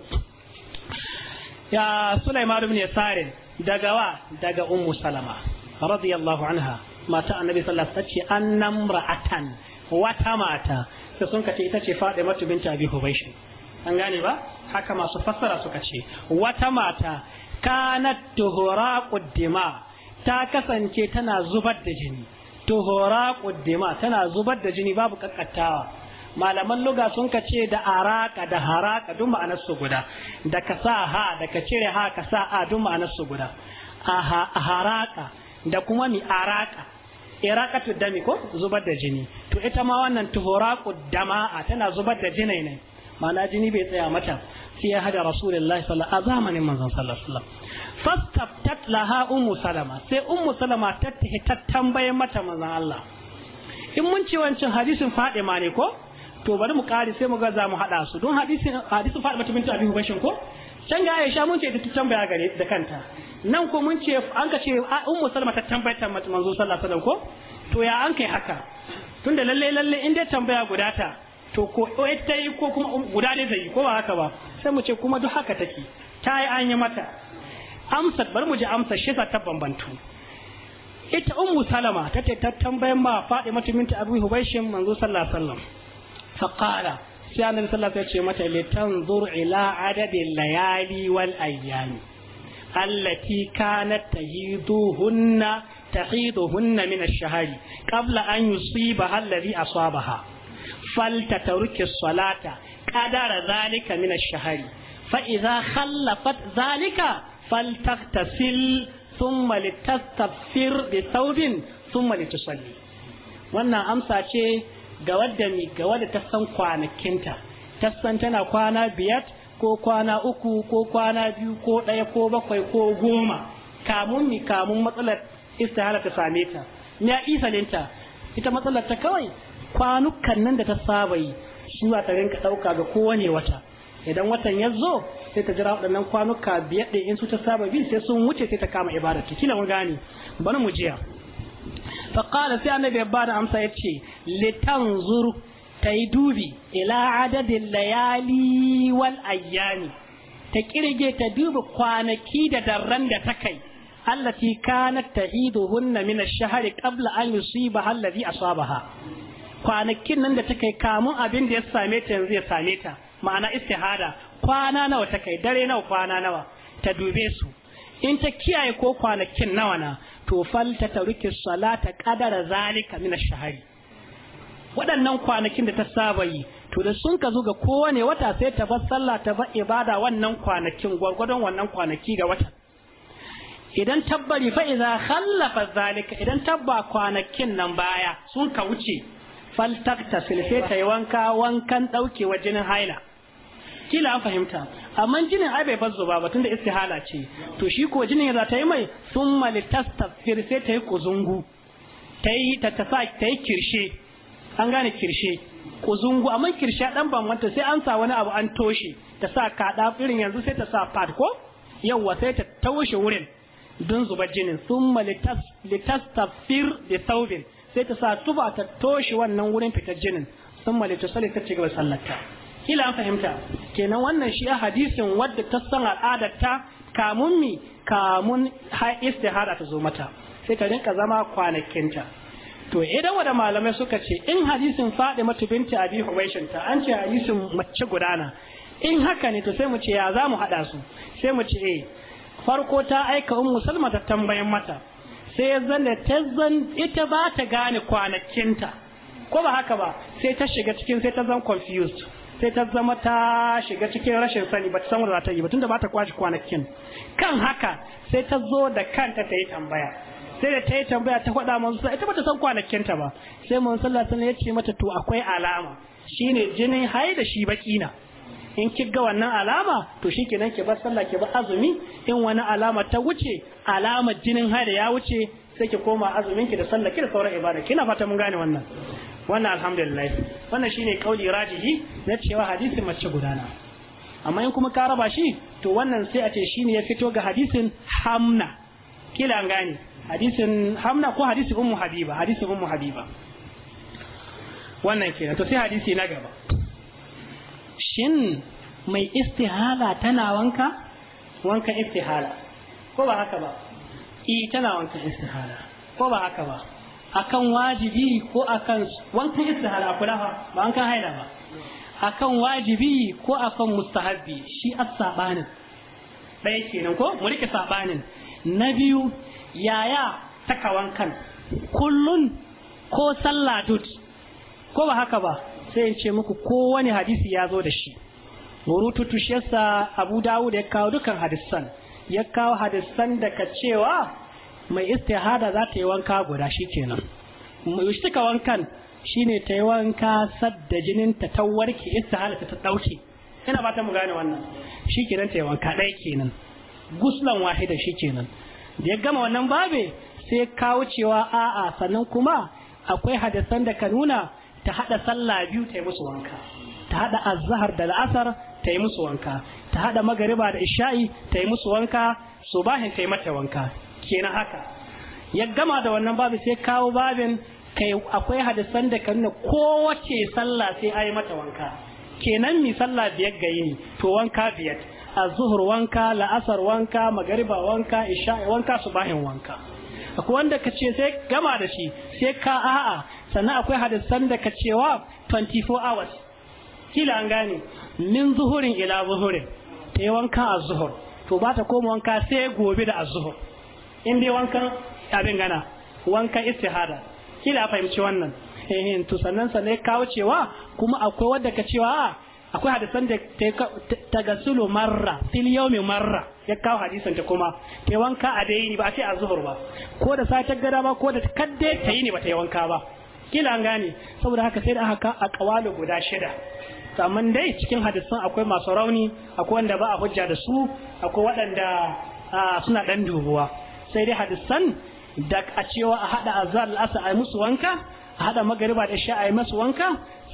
Speaker 2: ya Sulaiman ibn Yasarin daga wa daga Ummu Salama radiyallahu anha mata annabi sallallahu alaihi wasallam annamra'atan wata mata da sun kace ita ce Fadimatu binta Abi Hubaysh an gane ba haka masu fassara suka ce wata mata kanat tuhura quddima ta kasance tana zubar da jini tuhura quddima tana zubar da jini babu kakkattawa malaman luga sun ka ce da araka da haraka duk ma'anar su guda da ka sa ha da ka cire ha ka sa a duk ma'anar su guda a haraka da kuma mi araka iraqatu dami ko zubar da jini to ita ma wannan tuhura quddama tana zubar da jini. ne ma'ana jini bai tsaya mata sai ya hada rasulullahi sallallahu alaihi wasallam a zamanin manzon sallallahu alaihi wasallam fastaftat laha ummu salama sai ummu salama ta ta tambaye mata manzon Allah in mun ci wancin hadisin Fadima ne ko to bari mu kare sai mu ga za mu hada su don hadisin hadisin Fadima bintu Abi Hubashin ko can ga Aisha mun ce ta tambaya gare da kanta nan ko mun ce an ka ce ummu salama ta tambaye ta manzon sallallahu alaihi wasallam ko to ya an kai haka tunda lalle lalle in dai tambaya guda ta to ko ita yi ko kuma guda ne ta yi ko ba haka ba sai mu ce kuma duk haka take ta yi an yi mata amsar bari mu ji amsar shi ta bambantu ita ummu salama ta ce ta tambayan ma faɗi mata minta abu hubaishin manzo sallallahu alaihi wasallam fa qala sai annabi sallallahu alaihi wasallam ya ce mata litanzur ila adadil layali wal ayyami allati kanat tahiduhunna tahiduhunna min ash-shahri qabla an yusibaha alladhi asabaha falta ruke salata kadara zalika min ash-shahri fa idza khallafat zalika faltaghtasil thumma litastaghfir bi thawbin thumma litusalli wannan amsa ce ga wadda ni ga wadda ta san kwanakinta ta san tana kwana biyar ko kwana uku ko kwana biyu ko ɗaya ko bakwai ko goma kamun mi kamun matsalar istihala ta same ta ya isalinta ita matsalar ta kawai kwanukan nan da ta saba yi su ba ta rinka ɗauka ga kowane wata idan watan ya zo sai ta jira waɗannan kwanuka biyar ɗin in su ta saba bi sai sun wuce sai ta kama ibada ta kila mun gane bari mu jiya faqala sai annabi ya bada amsa yace litanzur tayi dubi ila adadin layali wal ayyami ta kirge ta duba kwanaki da darran da ta kai allati kanat ta'iduhunna min ash-shahri qabla an yusiba alladhi asabaha kwanakin nan da ta kai kamun abin da ya same ta yanzu ya same ta ma'ana istihada kwana nawa ta kai dare nawa kwana nawa ta dube su in ta kiyaye ko kwanakin nawa na to fal ta taruki salata kadara zalika min ash-shahri waɗannan kwanakin da ta saba yi to da sun ka zo ga kowane wata sai ta bar sallah ta bar ibada wannan kwanakin gwargwadon wannan kwanaki ga wata idan tabbari fa iza khallafa zalika idan tabba kwanakin nan baya sun ka wuce faltakta sai ta yi wanka wankan wa jinin haila kila an fahimta amma jinin ai bai bazzo ba tunda istihala ce to shi ko jinin za ta yi mai sun litastafir sai ta yi kuzungu ta yi ta tasa ta yi kirshe an gane kirshe kuzungu amma kirshe dan wanta sai an sa wani abu an toshe ta sa kada irin yanzu sai ta sa pad ko yawwa sai ta taushe wurin don zubar jinin sun fir da saubin sai ta sa tuba ta toshe wannan wurin fitar jinin sun mali ta sale ta ce gaba sallarta kila an fahimta kenan wannan shi a hadisin wadda ta san al'adarta kamun mi kamun istihara ta zo mata sai ta rinka zama kwanakinta to idan eh, wada malamai suka ce in hadisin mata binti Abi Huwaishin ta an ce hadisin mace gudana in haka ne to sai mu ce ya za mu haɗa su sai mu ce eh, farko ta aika ummu Salma ta tambayin mata sai zane ta zan ita ba ta gane kwanakinta ko ba haka ba sai ta shiga cikin sai ta zan confused sai ta zama ta shiga cikin rashin sani ba ta san wanda za ta yi ba tunda ba ta kwashi kwanakin kan haka sai ta zo da kanta ta yi tambaya sai da ta yi tambaya ta faɗa manzo sai ita ba ta san kwanakinta ba sai manzo sallallahu alaihi wasallam ya ce mata to akwai alama shine jinin haida shi baki na in ga wannan alama to shikenan ki bar sallah ki bar azumi in wani alama ta wuce alamar jinin haida ya wuce sai ki koma azumin ki da sallah ki da sauran ibada kina fata mun gane wannan wannan alhamdulillah wannan shine kauli rajihi na cewa hadisin mace gudana amma in kuma ka raba shi to wannan sai a ce shine ya fito ga hadisin hamna kila an gane hadisin hamna ko hadisin ummu habiba hadisin ummu habiba wannan kenan to sai hadisi na gaba shin mai istihala tana wanka wanka istihala ko ba haka ba i eh, tana wanka istihala ko ba haka ba akan wajibi ko akan wanka istihala kula fa ba kan haila ba akan wajibi ko akan mustahabbi shi as-sabanin ɗaya kenan ko mu rike sabanin na biyu yaya taka wankan kullun ko sallah dut ko ba haka ba sai ce muku kowane hadisi ya zo da shi rututu shi yasa abu dawud ya kawo dukan hadisan ya kawo hadisan daga cewa mai istihada za ta yi wanka guda shi kenan Mai wuce ka wankan ne ta yi wanka sadda jinin ta ta warke istihada ta ɗauke. ina ba ta mu gane wannan shi kenan ta yi wanka ɗaya kenan guslan wahida shi kenan da ya gama wannan babe sai kawo cewa a'a sannan kuma akwai hadisan da ka nuna ta hada sallah biyu ta yi musu wanka ta hada azhar da la'asar ta yi musu wanka ta hada magariba da isha'i ta yi musu wanka subahin ta yi mata wanka kenan haka ya gama da wannan babu sai kawo babin kai akwai hadisan da kan kowace sallah sai ayi mata wanka kenan mi sallah biyar ga yini to wanka biyar azhur wanka la'asar wanka magariba wanka isha'i wanka subahin wanka akwai wanda ka ce sai gama da shi sai ka a'a sannan akwai hadisan da ka cewa 24 hours kila an gane min zuhurin ila zuhurin ta yi a zuhur to ba ta koma wanka sai gobe da zuhur in dai wankan abin gana wanka istihada kila fahimci wannan eh to sannan sannan kawo cewa kuma akwai wadda ka cewa akwai hadisan da ta gasulu marra fil yawmi marra ya kawo hadisan ta kuma ta wanka a dai ni ba a ce a zuhur ba ko da sa ta gada ba ko da kadde ta yi ni ba ta yi wanka ba kila an gane saboda haka sai da haka a kawalu guda shida amma dai cikin hadisan akwai masu rauni akwai wanda ba a hujja da su akwai waɗanda suna ɗan dubuwa sai dai hadisan da a cewa a haɗa azal asa a musu wanka a haɗa magariba da sha a yi masu wanka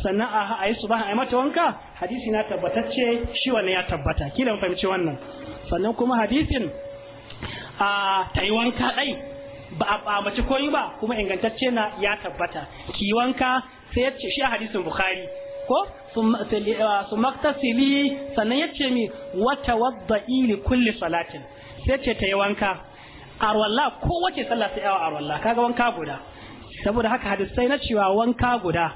Speaker 2: sannan a yi ba a yi mata wanka hadisi na tabbatacce shi wannan ya tabbata kila mu fahimci wannan sannan kuma hadisin a ta yi wanka ɗai ba a ɓamaci koyi ba kuma ingantacce na ya tabbata kiwanka sai ya ce shi hadisin bukhari ko su uh, maktasili sannan ya ce mi wata wadda ili kulli salatin sai ce ta yi wanka arwalla ko wace sallah sai yawa arwalla kaga wanka guda saboda haka hadisai na cewa wanka guda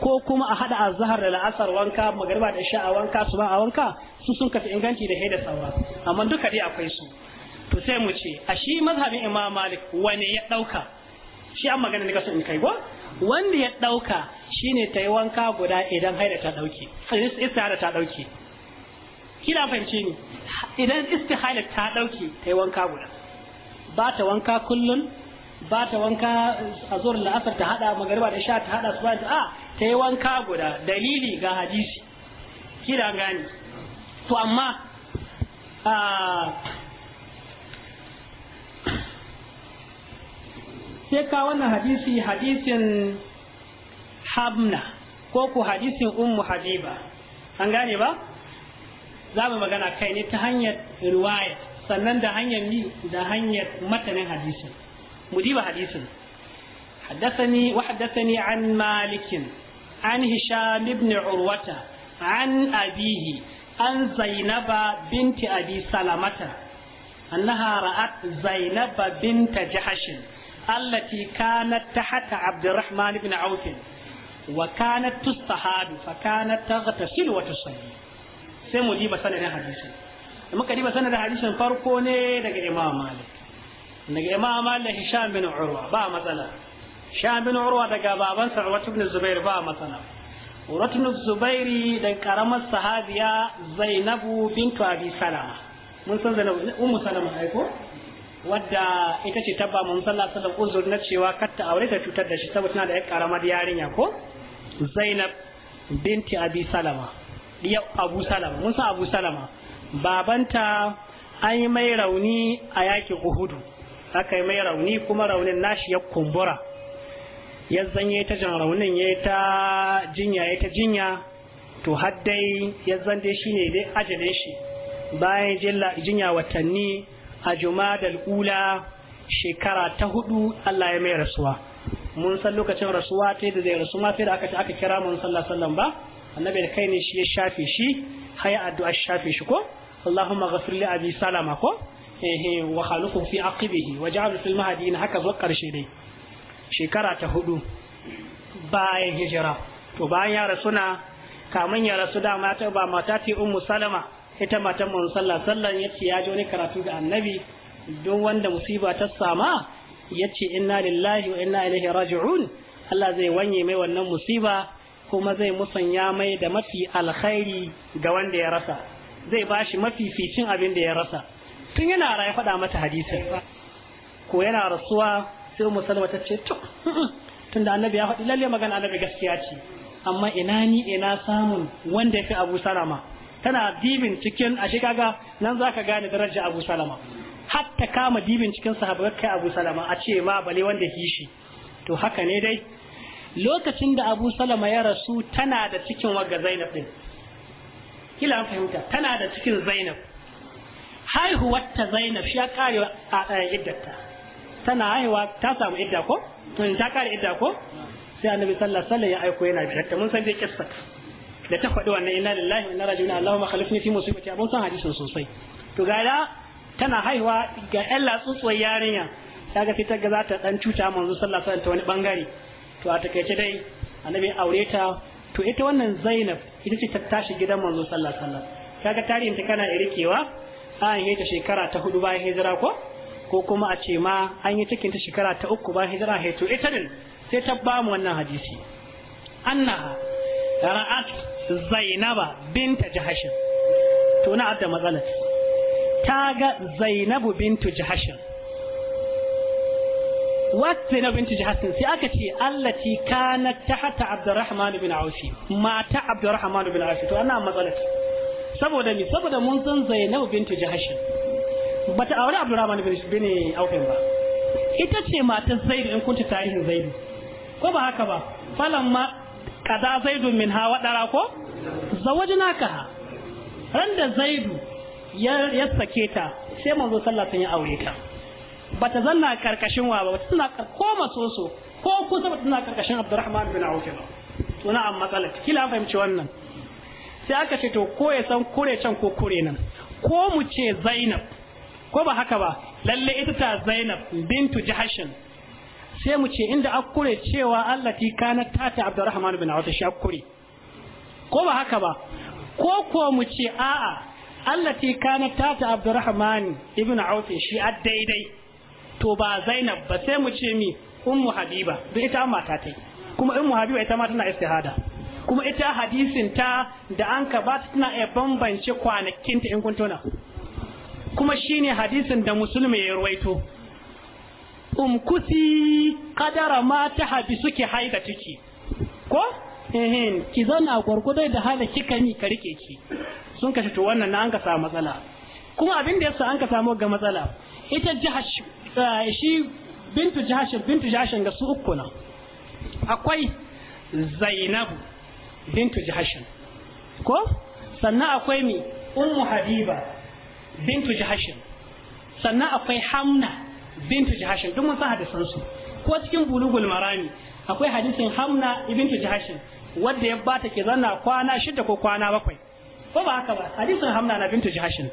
Speaker 2: ko kuma a hada azhar da la'asar wanka magariba da isha wanka su ba a wanka su sun kafi inganci da haida saura amma duka dai akwai su to sai mu ce a shi mazhabin imam malik wani ya dauka shi an magana nika son in kai go wanda ya dauka shine ta yi wanka guda idan haida ta dauke istihara ta dauke kila fahimci ni idan istihara ta dauke ta yi wanka guda ba ta wanka kullun ba ta wanka a zuwa la'asar ta hada magariba da sha ta hada su ba ta a ta yi wanka guda dalili ga hadisi kila gani to amma sai ka wannan hadisi hadisin habna ko ku hadisin ummu habiba an gane ba za mu magana kai ne ta hanyar riwaya sannan da hanyar mi da hanyar matanin hadisin diba hadisin حدثني وحدثني عن مالك عن هشام بن عروة عن أبيه عن زينب بنت أبي سلمة أنها رأت زينب بنت جحش التي كانت تحت عبد الرحمن بن عوف وكانت تستحاد فكانت تغتسل وتصلي سمو دي مسألة حديث لما كان دي مسألة حديثة فاركوني لك إمام مالك لك إمام مالك هشام بن عروة با مثلا هشام بن عروة لك بابا عروة بن الزبير با مثلا عروة بن الزبير لك كرم الصحابية زينب بنت أبي سلامة من سنة أم سلامة أيكو wadda ita ce tabba mun sallah sallan uzur na cewa kar ta aure ta cutar da shi saboda tana da yar karamar yarinya ko Zainab binti Abi Salama ya Abu Salama mun Abu Salama babanta an yi mai rauni a yakin Uhudu aka yi mai rauni kuma raunin nashi ya kumbura ya zanye ta jan raunin ya ta jinya ya ta jinya to har dai ya zan dai shine dai ajalin shi bayan jinya watanni a jumadal ula shekara ta hudu Allah ya mai rasuwa mun san lokacin rasuwa ta da zai rasu ma sai da aka aka kira mun sallah sallam ba annabi da kai ne shi ya shafe shi haya addu'a shafe shi ko Allahumma ghafir li abi salama ko eh wa khaluqu fi aqibihi wa ja'al fil mahdi haka zuwa karshe dai shekara ta hudu bayan hijira to bayan ya rasu na kamun ya rasu da mata ba mata ce ummu salama ita matan manzo sallallahu sallan ya ce ya ji wani karatu ga annabi duk wanda musiba ta sama ya inna lillahi wa inna ilaihi raji'un Allah zai wanye mai wannan musiba kuma zai musanya mai da mafi alkhairi ga wanda ya rasa zai ba bashi mafificin abin da ya rasa tun yana raye faɗa mata hadisi ko yana rasuwa sai musalma ta ce to tunda annabi ya faɗi lalle magana annabi gaskiya ce amma ina ni ina samun wanda ya fi abu salama tana dibin cikin shi kaga nan zaka gane daraja Abu Salama hatta kama dibin cikin sahabbai kai Abu Salama a ce ma bale wanda shi, to haka ne dai lokacin da Abu Salama ya rasu tana da cikin wagga Zainab din kila an fahimta tana da cikin Zainab haihuwarta Zainab shi ya kare a iddarta tana haihuwa ta samu idda ko to ta kare idda ko sai Annabi sallallahu alaihi wasallam ya aiko yana bidda mun san dai kissa da ta faɗi wannan inna lillahi inna rajiun allahumma khalifni fi musibati abun san hadisin sosai to ga da tana haihuwa ga ƴan tsutsuwar yarinya kaga fitar ga za ta dan cuta manzo sallallahu alaihi wasallam ta wani bangare to a takaice dai annabi aure ta to ita wannan Zainab ita ce ta tashi gidan manzo sallallahu alaihi wasallam kaga tarihin ta kana irikewa an yi ta shekara ta hudu bayan hijira ko ko kuma a ce ma an yi cikin ta shekara ta uku bayan hijira to ita din sai ta ba mu wannan hadisi annaha ra'at zainaba binta jahashin to na adda matsalar ta ga zainabu bintu jahashin wacce zainabu bintu jahashin sai aka ce allati ta tahta abdurrahman bin auf mata abdurrahman bin auf to ana matsalar saboda mi saboda mun san zainabu bintu jahashin bata aure abdurrahman bin bin auf ba ita ce matar zaidu in kunta tarihin zaidu ko ba haka ba ma. kaza zaidu min ha wadara ko zawajnaka ran da zaidu ya sake ta sai manzo sallallahu alaihi ya aure ta bata zanna karkashin wa ba bata tana ko masoso ko kusa ta zanna karkashin Abdurrahman bin Auf ba to na amma kala kila fahimci wannan sai aka ce to ko ya san kure can ko kure nan ko mu ce Zainab ko ba haka ba lalle ita ta Zainab bintu Jahashin sai mu ce inda akure cewa Allah ti kana tata abdurrahman bin awf shi akure ko ba haka ba ko ko mu ce a'a ti kana tata abdurrahman ibn awf shi a daidai to ba zainab ba sai mu ce mi ummu habiba da ita amma ta kuma ummu habiba ita ma tana istihada kuma ita hadisin ta da an ka ba tana iya bambance kwanakin ta in kun kuma shine hadisin da musulmi ya ruwaito umkusi kadara ma ta habi suke haida ciki ko ehin ki zana gurgudai da hala kika ni ka rike ki sun kashe to wannan na an ka samu matsala kuma abin da yasa an ka samu ga matsala ita jahash eh, shi bintu jahashin bintu jahashin ga su uku na akwai zainabu bintu jahashin ko sannan akwai mi ummu habiba bintu jahashin sannan akwai hamna bintu jahashin duk mun san hadisan su ko cikin bulugul marami akwai hadisin hamna bintu jahashin wanda ya bata ke zanna kwana shida ko kwana bakwai ko ba haka ba hadisin hamna na bintu jahashin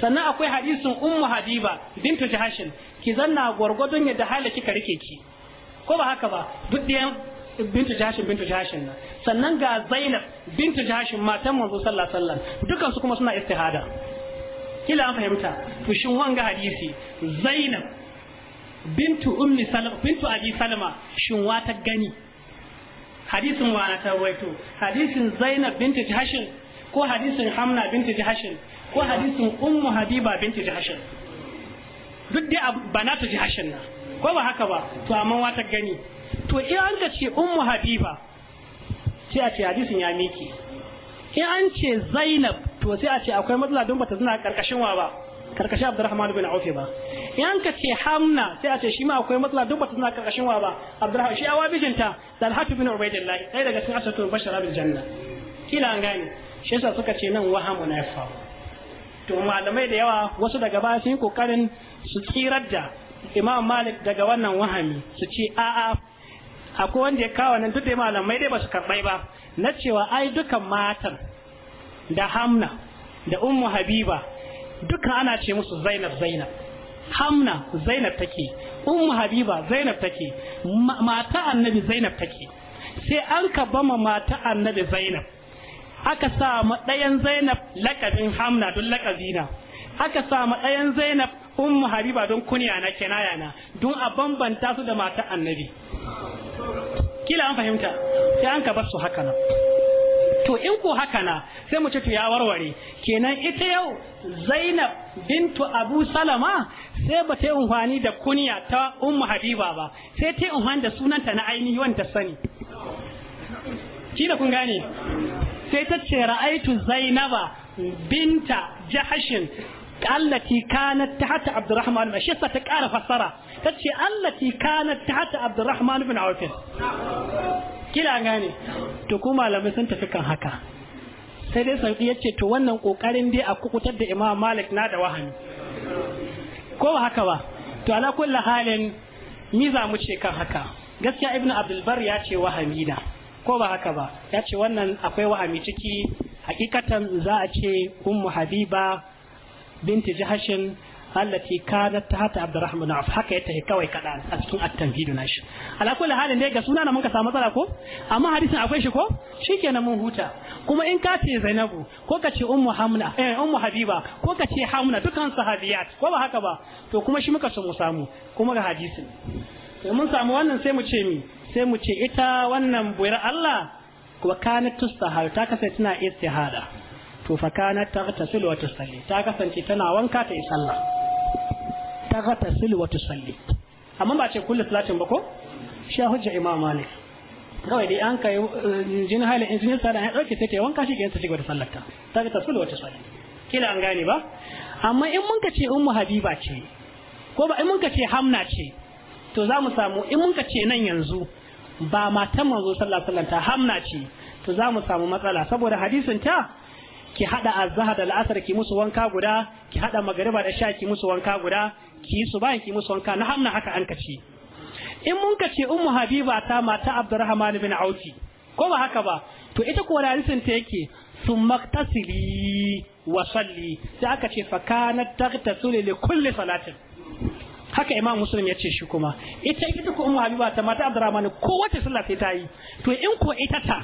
Speaker 2: sannan akwai hadisin ummu habiba bintu jahashin ki zanna gwargwadon yadda hala kika rike ki ko ba haka ba duk ɗayan bintu jahashin bintu jahashin na sannan ga zainab bintu jahashin matan manzo sallallahu alaihi wasallam dukan su kuma suna istihada kila an fahimta to shin wanga hadisi zainab bintu ummi salama bintu abi salama shin wa ta gani hadisin wa na tarwaito hadisin zainab bintu jahashin ko hadisin hamna bintu jahashin ko hadisin ummu habiba bintu jahashin duk dai ta jahashin na ko ba haka ba to amma wa ta gani to in an ka ce ummu habiba sai a ce hadisin ya miki in an ce zainab to sai a ce akwai matsala don ba ta zina karkashin wa ba karkashin abdurrahman bin auf ba in ka ce hamna sai a ce shi ma akwai matsala duk bata tana karkashin wa ba abdurrahman shi awa bijinta talhatu bin ubaidillah sai daga cikin asatul bashara bil janna kila an gane shi yasa suka ce nan wahamu na yafa to malamai da yawa wasu daga baya sun yi kokarin su tsirar da imam malik daga wannan wahami su ce a'a akwai wanda ya kawo nan duk da malamai dai ba su karɓai ba na cewa ai dukan matan da hamna da ummu habiba duka ana ce musu zainab zainab hamna zainab take ummu habiba zainab take mata annabi zainab take sai an ka bama mata annabi zainab aka sa ma ɗayan zainab lakabin hamna don lakabina aka sa ma ɗayan zainab ummu habiba don kunya na kinaya na don a bambanta su da mata annabi kila an fahimta sai an ka bar su haka nan to in ko haka na sai mu ce to ya warware kenan ita yau Zainab bintu Abu Salama sai ba ta yi da kunya ta Ummu Habiba ba sai ta unhani da sunanta na ainihi wanda sani da kun gane sai ta ce ra'aitu Zainaba binta Jahashin allati kanat tahta Abdurrahman ibn shi ta ƙara fassara tace allati kanat tahta Abdurrahman ibn Auf kila gane to ko malamai sun tafi kan haka sai dai sauki yace to wannan kokarin dai a kukutar da Imam Malik na da wahani ko haka ba to ala kulli halin ni za mu ce kan haka gaskiya ibn abdulbar ya ce wahami na ko ba haka ba ya ce wannan akwai wahami ciki hakikatan za a ce ummu habiba binti jahashin allati kanat tahta abdurrahman auf haka yata kawai kadan a cikin at-tanfidu nashi ala kulli halin dai ga suna mun ka samu matsala ko amma hadisin akwai shi ko shikenan mun huta kuma in ka ce zainabu ko ka ce ummu hamna eh ummu habiba ko ka ce hamna dukan sahabiyat ko ba haka ba to kuma shi muka so mu samu kuma ga hadisin to mun samu wannan sai mu ce mi sai mu ce ita wannan buyar Allah wa kanat tustahar ta kasance tana istihada to fa kana taghtasilu wa tusalli ta kasance tana wanka ta yi sallah taghtasilu wa tusalli amma ba ce kullu salatin ba ko sha hujja imam malik kawai dai an kai eh, jin hali in jin sada ya dauke sai ta wanka shi ke ta cigaba da sallar ta taghtasilu wa tusalli kila an gane ba amma in mun ka ce ummu habiba ce ko ba in mun ka ce hamna ce to za mu samu in mun ka ce nan yanzu ba matan manzo sallallahu alaihi wasallam ta hamna ce to za mu samu matsala saboda hadisin ta ki hada azhar da al'asar ki musu wanka guda ki hada magariba da sha ki musu wanka guda ki yi su bayan ki musu wanka na hamna haka an kace in mun kace ummu habiba ta mata abdurrahman bin auti ko ba haka ba to ita ko hadisin ta yake summa tasili wa salli sai aka ce fa kanat tagtasili li kulli salatin haka imam muslim ya ce shi kuma ita ita ko ummu habiba ta mata abdurrahman ko wace sallah sai ta yi to in ko ita ta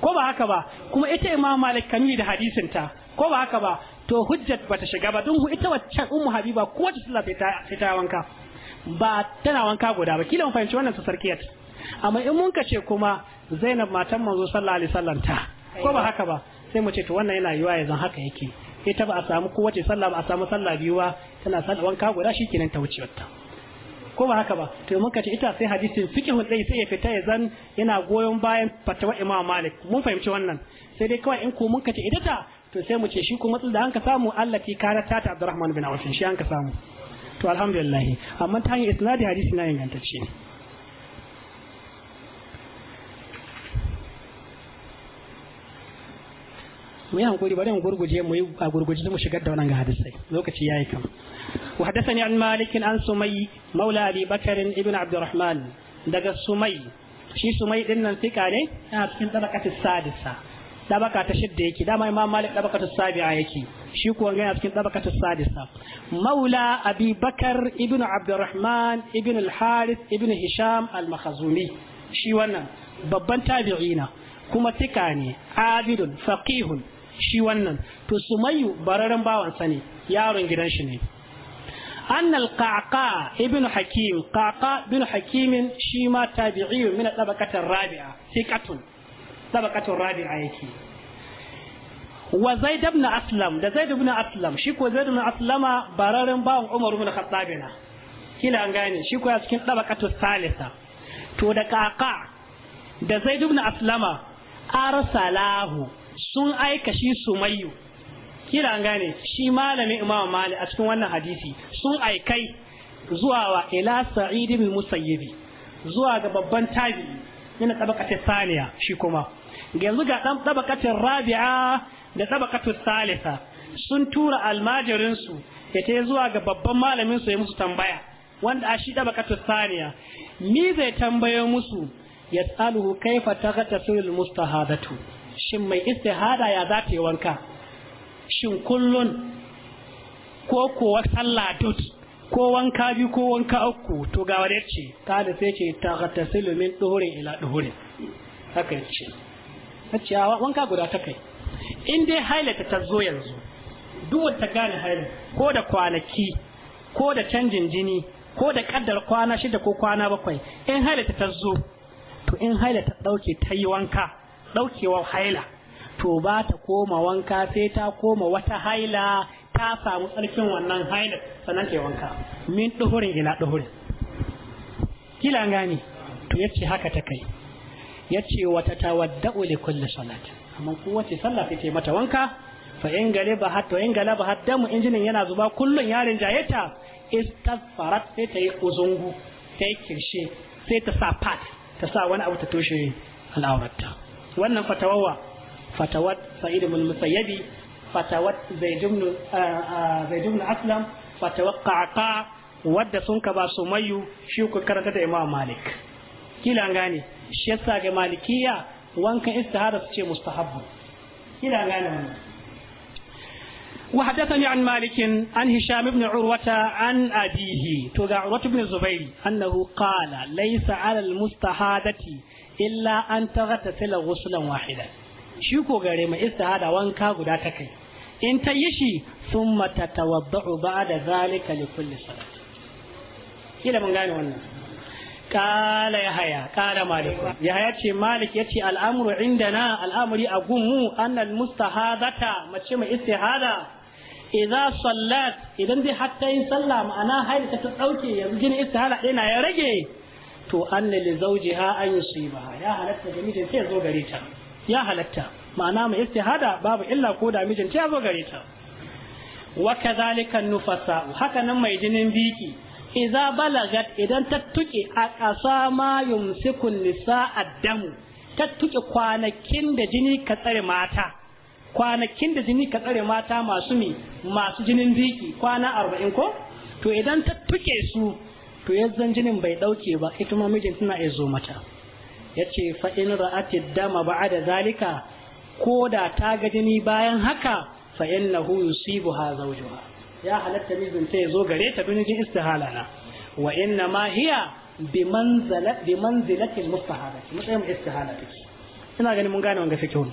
Speaker 2: ko ba haka ba kuma ita imam malik kanuni da hadisin ta ko ba haka ba to hujjat bata shiga ba don ita waccan ummu habiba ko ta sallah sai ta wanka ba tana wanka guda ba kila mun fahimci wannan su sarkiyat amma in mun kace kuma Zainab matan manzo sallallahu alaihi wasallam ta ko ba haka ba sai mu ce to wannan yana yiwa yanzu haka yake ita ba a samu kowace sallah ba a samu sallah biyu ba tana sallah wanka guda shikenan ta wuce wata ko ba haka ba to mun kace ita sai hadisin fiqh dai sai ya fita ya zan yana goyon bayan fatawa Imam Malik mun fahimci wannan sai dai kawai in ko mun kace ita ta to sai mu ce shi ko matsin da an ka samu Ki kana ta ta Abdurrahman bin Awf shi an ka samu to alhamdulillah amma ta hanyar isnadi hadisi na ingantacce mu yi hankuri bari mu gurguje mu yi a gurguje mu shigar da wannan hadisai lokaci yayi kam wa hadathani an malik an sumay maula abi bakr ibn abdurrahman daga sumay shi sumai din nan fika ne a cikin tabakatis sadisa tabaka ta shidda yake dama imam malik tabakatis sabi'a yake shi kuwa ga cikin tabakatis sadisa maula abi bakar ibnu abdurrahman ibn al-harith ibn hisham al makhazumi shi wannan babban tabi'ina kuma tika ne abidun faqihun shi wannan to sumayyu bararin bawansa ne yaron gidanshi ne an alƙaƙa ibn hakim ƙaƙa ibn hakimin shi ma tabi'i min tsabakatar rabi'a thiqatun tsabakatar rabi'a yake wa zaid ibn aslam da zaid ibn aslam shi ko zaid ibn aslama bararin bawan umar ibn khattab kila an gane shi ko cikin tsabakatar salisa to da ƙaƙa da zaid ibn aslama arsalahu sun aika shi sumayyu kila an gane shi malamin imam mali a cikin wannan hadisi sun aikai zuwa wa ila sa'id bin musayyibi zuwa ga babban tabi yana tabakatin saniya shi kuma yanzu ga dan tabakatin rabi'a da tabakatin salisa sun tura almajirin su ya ta zuwa ga babban malamin su ya musu tambaya wanda a shi tabakatin saniya ni zai tambaye musu yas'aluhu kaifa taghtasilu almustahadatu shin mai istihada ya za ta yi wanka shin kullun ko kowa sallah dut ko wanka biyu ko wanka uku to ga wadda ce ta da sai ce ta hata min ɗorin ila ɗorin, haka ya ce ta ce wanka guda ta kai in dai hailata ta zo yanzu duk ta gane haila ko da kwanaki ko da canjin jini ko da kaddar kwana shida ko kwana bakwai in hailata ta zo to in hailata ta ta yi wanka ɗaukewar haila to ba ta koma wanka sai ta koma wata haila ta samu tsarkin wannan haila sannan ta wanka min duhurin ila duhurin kila gani to yace haka ta kai yace wata wadda li kulli salatin amma kowace sallah mata wanka fa in ba hatta in ba hatta mu injinin yana zuba kullun yarin jayeta istafarat sai ta yi uzungu sai kirshe sai ta sa pat ta sa wani abu ta toshe al'auratta wannan fatawawa fatawat sa'id ibn musayyabi fatawat zaid ibn uh, uh, zaid ibn aslam fatawat qaqa wadda sun ka ba sumayyu shi ku karanta da imam malik kila gane shi yasa ga malikiya wankan istihara su ce mustahabbu kila gane wannan وحدثني عن مالك عن هشام بن عروة عن أبيه توقع عروة بن الزبير أنه قال ليس على المستحادة illa an tarata sila ghusulan wahida shi ko gare mai istihada wanka guda ta kai in ta yi shi thumma tatawadda'u ba'da zalika li kulli salat kila mun gane wannan kala yahaya kala malik haya ce malik yace al'amru indana al'amri a gunmu annal mustahadata mace mai istihada idza sallat idan dai hatta yin sallah ma'ana haida ta dauke yanzu jini istihala dina ya rage to anna li zawjiha an yusibaha ya halatta da mijin ya zo gare ta ya halatta ma'ana mai istihada babu illa ko da mijin ya zo gare ta wa kadhalika nufasa haka nan mai jinin biki idza balagat idan ta tuke a kasa ma yumsikun nisa addamu ta tuke kwanakin da jini ka tsare mata kwanakin da jini ka tsare mata masu mi masu jinin biki kwana arba'in ko to idan ta tuke su to yanzan jinin bai dauke ba ita ma mijin tana izo zo mata yace fa in ra'ati dama ba'da zalika ko da ta ga jini bayan haka fa innahu yusibuha zawjuha ya halatta mijin ta zo gare ta don jin istihala na wa inna ma hiya bi manzala bi manzilatil istihala take ina ganin mun gane wanga fikihun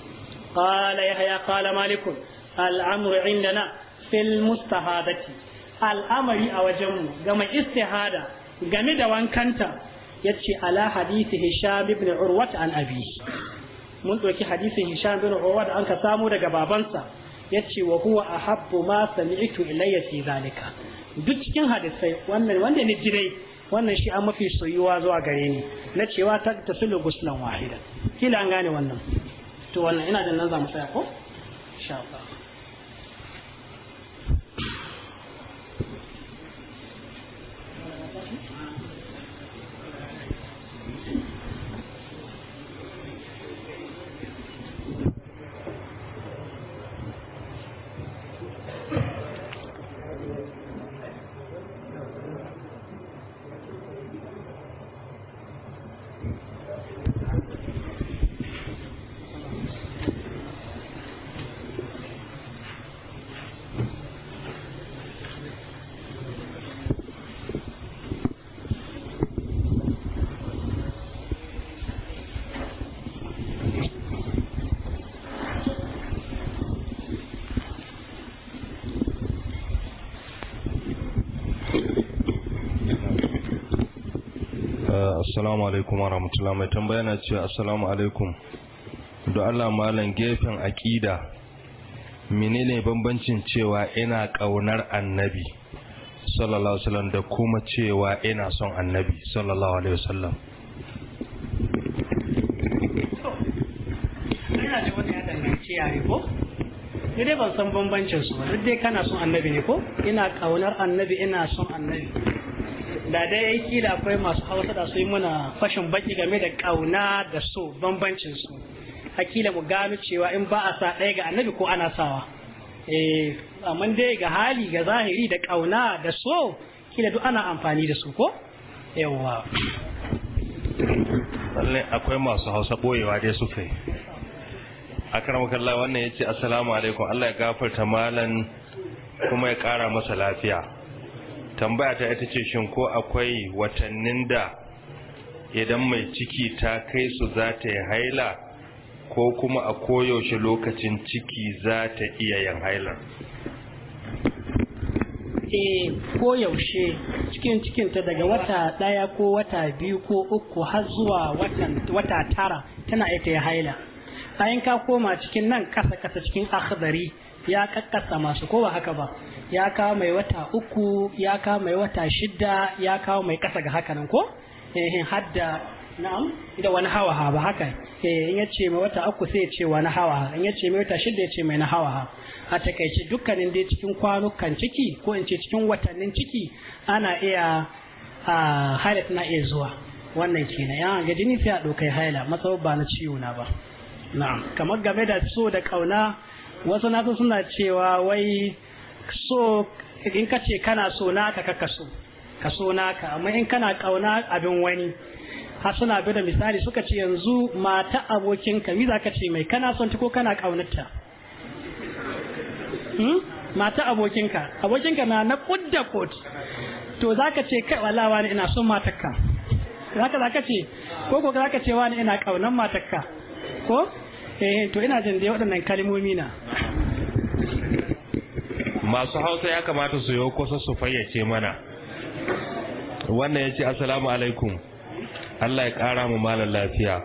Speaker 2: qala yahya qala malikun al-amru indana fil mustahadati al'amari a wajenmu ga mai istihada game da wankanta ya ce ala hadisi hisham ibn urwat an abi mun ɗauki hadisin hisham ibn urwat an ka samu daga babansa ya ce wa huwa a habbu ma sami'tu ilayya fi zalika duk cikin hadisai wannan wanda ne jirai wannan shi an mafi soyuwa zuwa gare ni na cewa ta tasilu guslan wahida kila an gane wannan to wannan ina da nan za mu tsaya ko insha
Speaker 1: assalamu alaikum warahmatullahi mai tambaya na cewa assalamu alaikum don Allah malam gefen aƙida menene bambancin cewa ina ƙaunar annabi sallallahu alaihi wasallam da kuma cewa ina son annabi sallallahu alaihi wasallam
Speaker 2: ina ji wani ya danganci yare ko dai ban san bambancin su ba duk dai kana son annabi ne ko ina ƙaunar annabi ina son annabi da dai kila akwai masu hausa da su yi mana fashin baki game da kauna da so bambancin su hakila mu gano cewa in ba a sa ɗaya ga annabi ko ana sawa eh amma dai ga hali ga zahiri da kauna da so kila duk ana amfani da su ko yawwa
Speaker 1: lalle akwai masu hausa boyewa dai suka yi akramakallah wannan yace assalamu alaikum Allah ya gafarta malan kuma ya kara masa lafiya tambaya ta ita ce shin ko akwai watannin da idan mai ciki ta kai su za ta yi haila ko kuma a koyaushe lokacin ciki za ta iya yin haila
Speaker 2: e koyaushe cikin cikinta daga wata ɗaya ko wata biyu ko uku har zuwa wata tara tana ita ya haila bayan ka koma cikin nan kasa kasa cikin akhdari ya kakkasa masu ko ba haka ba ya kawo mai wata uku ya kawo mai wata shidda ya kawo mai kasa ga haka nan ko ehin hadda na'am ida wani hawa ha ba haka eh, in ya ce mai wata uku sai ya ce wani hawa ha in ce mai wata shidda ya ce mai na hawa ha a takaice dukkanin dai cikin kwanukan ciki ko in ce cikin watannin ciki ana iya a hailat na iya zuwa wannan kenan ya ga jini sai a dokai haila matsawar ba na ciwo na ba na'am kamar game da so da kauna wasu nasu suna cewa wai so in ka ce kana so naka ka kaso ka so naka amma in kana kauna abin wani har suna bi da misali suka ce yanzu mata abokinka mi za ka ce mai kana son ta ko kana kaunarta hmm? mata abokinka abokinka na na kudda kot to za ka ce kai wala wani ina son matakka za ka ce ko ko za ka ce wani ina kaunar matakka ko eh to ina jin dai waɗannan kalmomi na
Speaker 1: masu hausa ya kamata su yi kusa su fayyace mana wannan ya ce assalamu alaikum Allah ya ƙara mu malar lafiya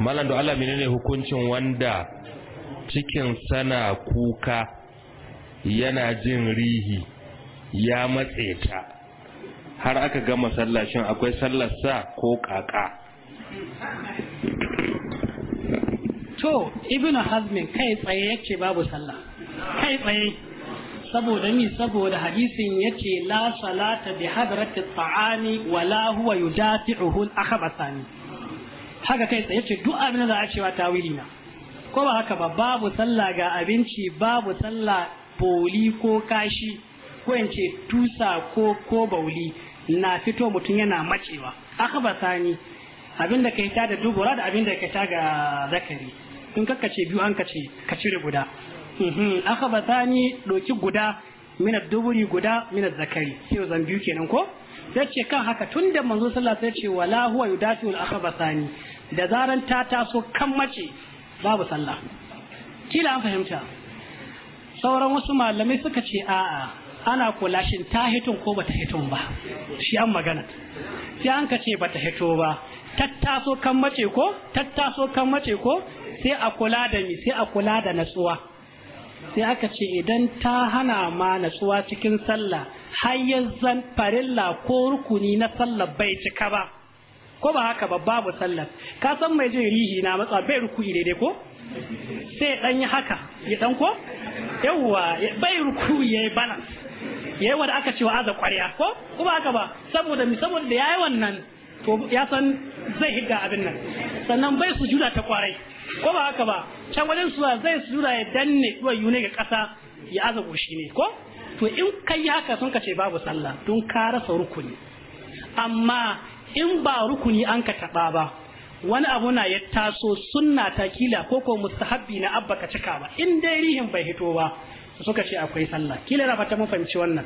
Speaker 1: malar da Allah menene hukuncin wanda cikin sana kuka yana jin rihi ya matse ta har aka gama sallashin akwai sallarsa ko kaka
Speaker 2: to ibn hazmin kai tsaye yace babu sallah kai tsaye saboda ni saboda hadisin yace la salata bi hadrati ta'ami wala huwa yudafi'uhu al-akhbasani haka kai tsaye yace duk abin da za a cewa tawili na ko ba haka ba babu sallah ga abinci babu sallah boli ko kashi ko in ce tusa ko ko bauli na fito mutum yana macewa akhbasani abinda kai ta da dubura da abinda kai ta ga zakari in kakkace biyu an kace ka cire guda mhm. aka ba tani ɗauki guda minar duburi guda minar zakari sai zan biyu kenan ko sai ce kan haka tun da manzo sallah sai ce wala huwa yudafiul akhaba tani da zaran ta taso kan mace babu sallah kila an fahimta sauran wasu malamai suka ce a'a ana kula shin ta hitun ko bata hitun ba shi an magana sai an ka ce bata hito ba tattaso kan mace ko tattaso kan mace ko sai a kula da mi sai a kula da natsuwa sai aka ce idan ta hana ma natsuwa cikin sallah har ya zan farilla ko rukuni na sallah bai cika ba ko ba haka ba babu sallah ka san mai jin rihi na matsa bai rukuni daidai ko sai dan yi haka ya dan ko yawwa bai rukuni yayi balance yayi wanda aka ce wa aza kwariya ko ko ba haka ba saboda mi saboda yayi wannan to ya san zai hidda abin nan sannan bai sujuda ta kwarai ko ba haka ba can wajen suwa zai sura ya danne duwa yune ga kasa ya aza goshi ne ko to in kai haka sun ka ce babu sallah don ka rasa rukuni amma in ba rukuni an ka taba ba wani abu na ya taso sunna ta kila ko ko mustahabbi na abba ka cika ba in dai rihin bai hito ba suka ce akwai sallah kila na fata mun fahimci wannan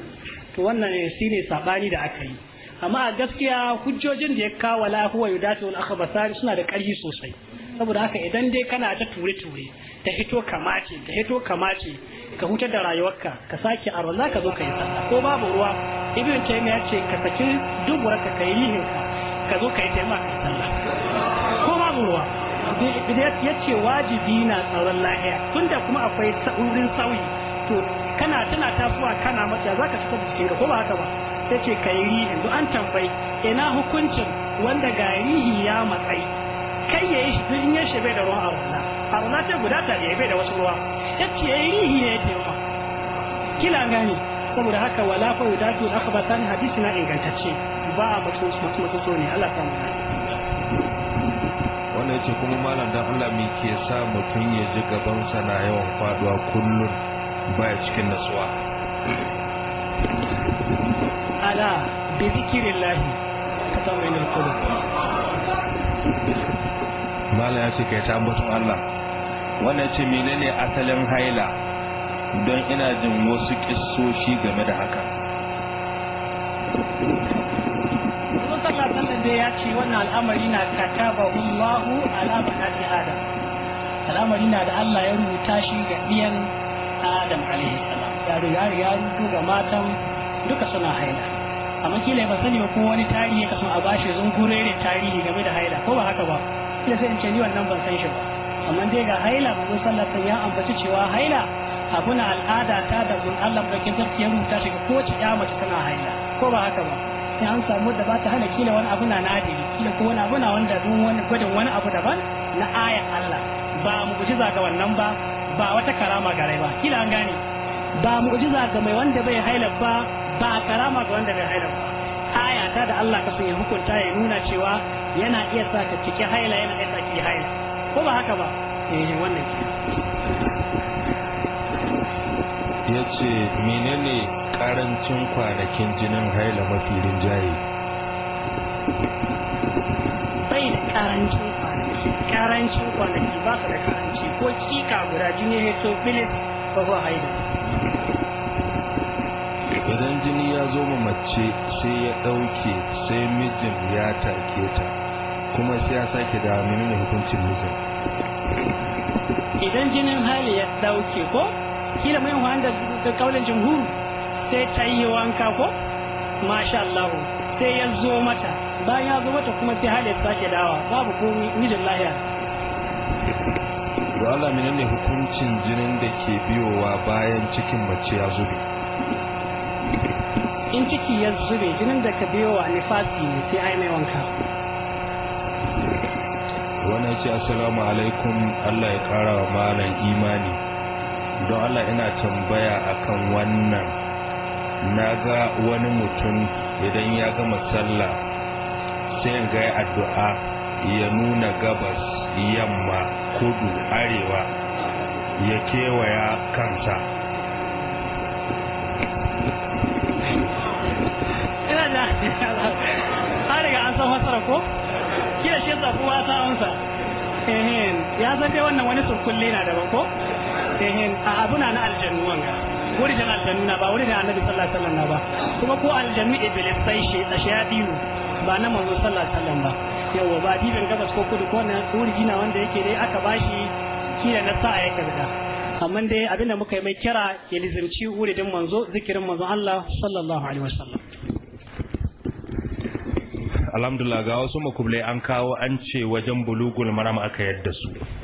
Speaker 2: to wannan ne shine sabani da aka yi amma gaskiya hujjojin da ya kawo la huwa yudatu al akhbasari suna da ƙarfi sosai saboda haka idan dai kana ta ture-ture ta hito kamace ta hito kamace ka huta da rayuwarka ka sake aron za ka zo ka yi sallah ko babu ruwa ibn taymiya ce ka saki dubura ka kai lihin ka zo ka yi taimaka ka sallah ko babu ruwa ya ce wajibi na tsaron lahiya tunda kuma akwai wurin sauyi to kana tana tasowa kana matsaya za ka fitar da cikin ko ba haka ba sai ce ka yi rihin an tambayi ina hukuncin wanda ga rihi ya matsayi kai ya yi shi in yin shi bai da ruwan aruna aruna ta guda ta da bai da wasu ruwa ya ce ya yi yi ne ya ce ma kila gani saboda haka wala fa ta ni hadisi na ingantacce ba a mutum mutum ne Allah ta mu
Speaker 1: wannan ce kuma malam dan Allah mai ke sa mutum ya ji gaban sa na yawan faduwa ba baya cikin nasuwa
Speaker 2: ala bi zikrillahi tatma'innul qulub
Speaker 1: mala ya ce kai ta ambaton Allah wannan ce menene asalin haila don ina jin wasu kissoshi game da haka
Speaker 2: Rasul sallallahu alaihi wasallam ya ce wannan al'amari na kataba Allahu ala banati Adam al'amari na da Allah ya rubuta shi ga biyan Adam alaihi salam ya rubuta ga matan duka suna haila amma kila ba sani ko wani tarihi kasan a bashi zungurere tarihi game da haila ko ba haka ba kila sai ce ni wannan ban san shi ba amma dai ga haila mun sallar ya ambaci cewa haila abuna al'ada ta da mun Allah da kin ya rubuta shi ko ci ya mace tana haila ko ba haka ba sai an samu da ba ta hana kila wani abu na nadiri kila ko wani abu na wanda duk wani gwadin wani abu daban na ayat Allah ba mu guji zaga wannan ba ba wata karama ga rai ba kila an gane ba mu guji zaga mai wanda bai haila ba ba karama ga wanda bai haila ba aya ta da Allah ka sun hukunta ya nuna cewa yana iya sa ka ciki haila yana iya sa ki haila ko ba haka ba eh wannan ki
Speaker 1: yace menene karancin kwanakin jinin haila mafi rinjaye
Speaker 2: Sai da karancin kwanaki karancin kwanaki ba su da karanci ko kika guda jini ya to bilis ba haila
Speaker 1: idan jini ya zo mace sai ya ɗauke sai mijin ya take ta kuma sai ya sake da menene hukuncin musa
Speaker 2: idan jinin hali ya dauke ko kila mai wanda da kaulin jihun sai ta yi wanka ko masha Allah sai ya zo mata bayan ya zo mata kuma sai hali ya sake dawa babu komi mijin lahiya
Speaker 1: to Allah menene hukuncin jinin da ke biyowa bayan cikin mace ya zube
Speaker 2: in ciki ya zube jinin da ka biyowa nifasi ne sai ai mai wanka
Speaker 1: ce assalamu alaikum Allah ya kara wa malam imani don Allah ina tambaya akan wannan na ga wani mutum idan ya gama sallah sai ga ya addu'a ya nuna gabas yamma kudu arewa ya kewaya kansa
Speaker 2: ina da ya ga an san fasara ko kila shi ya zafi wata amsa Ehen ya san dai wannan wani surkulli na daban ko ehen a abuna na aljannu wanga wuri da aljannu na ba wuri da annabi sallallahu alaihi wasallam na ba kuma ko aljannu iblis sai shi da shayadinu ba na manzo sallallahu alaihi wasallam ba yawa ba dibin gabas ko kudu ko na wuri gina wanda yake dai aka bashi kila na sa'a ya karda amma dai abinda muka yi mai kira ya lizimci din manzo zikirin manzo Allah sallallahu alaihi wasallam
Speaker 1: alhamdulillah ga wasu makublai an kawo an ce wajen bulugul maram aka yadda su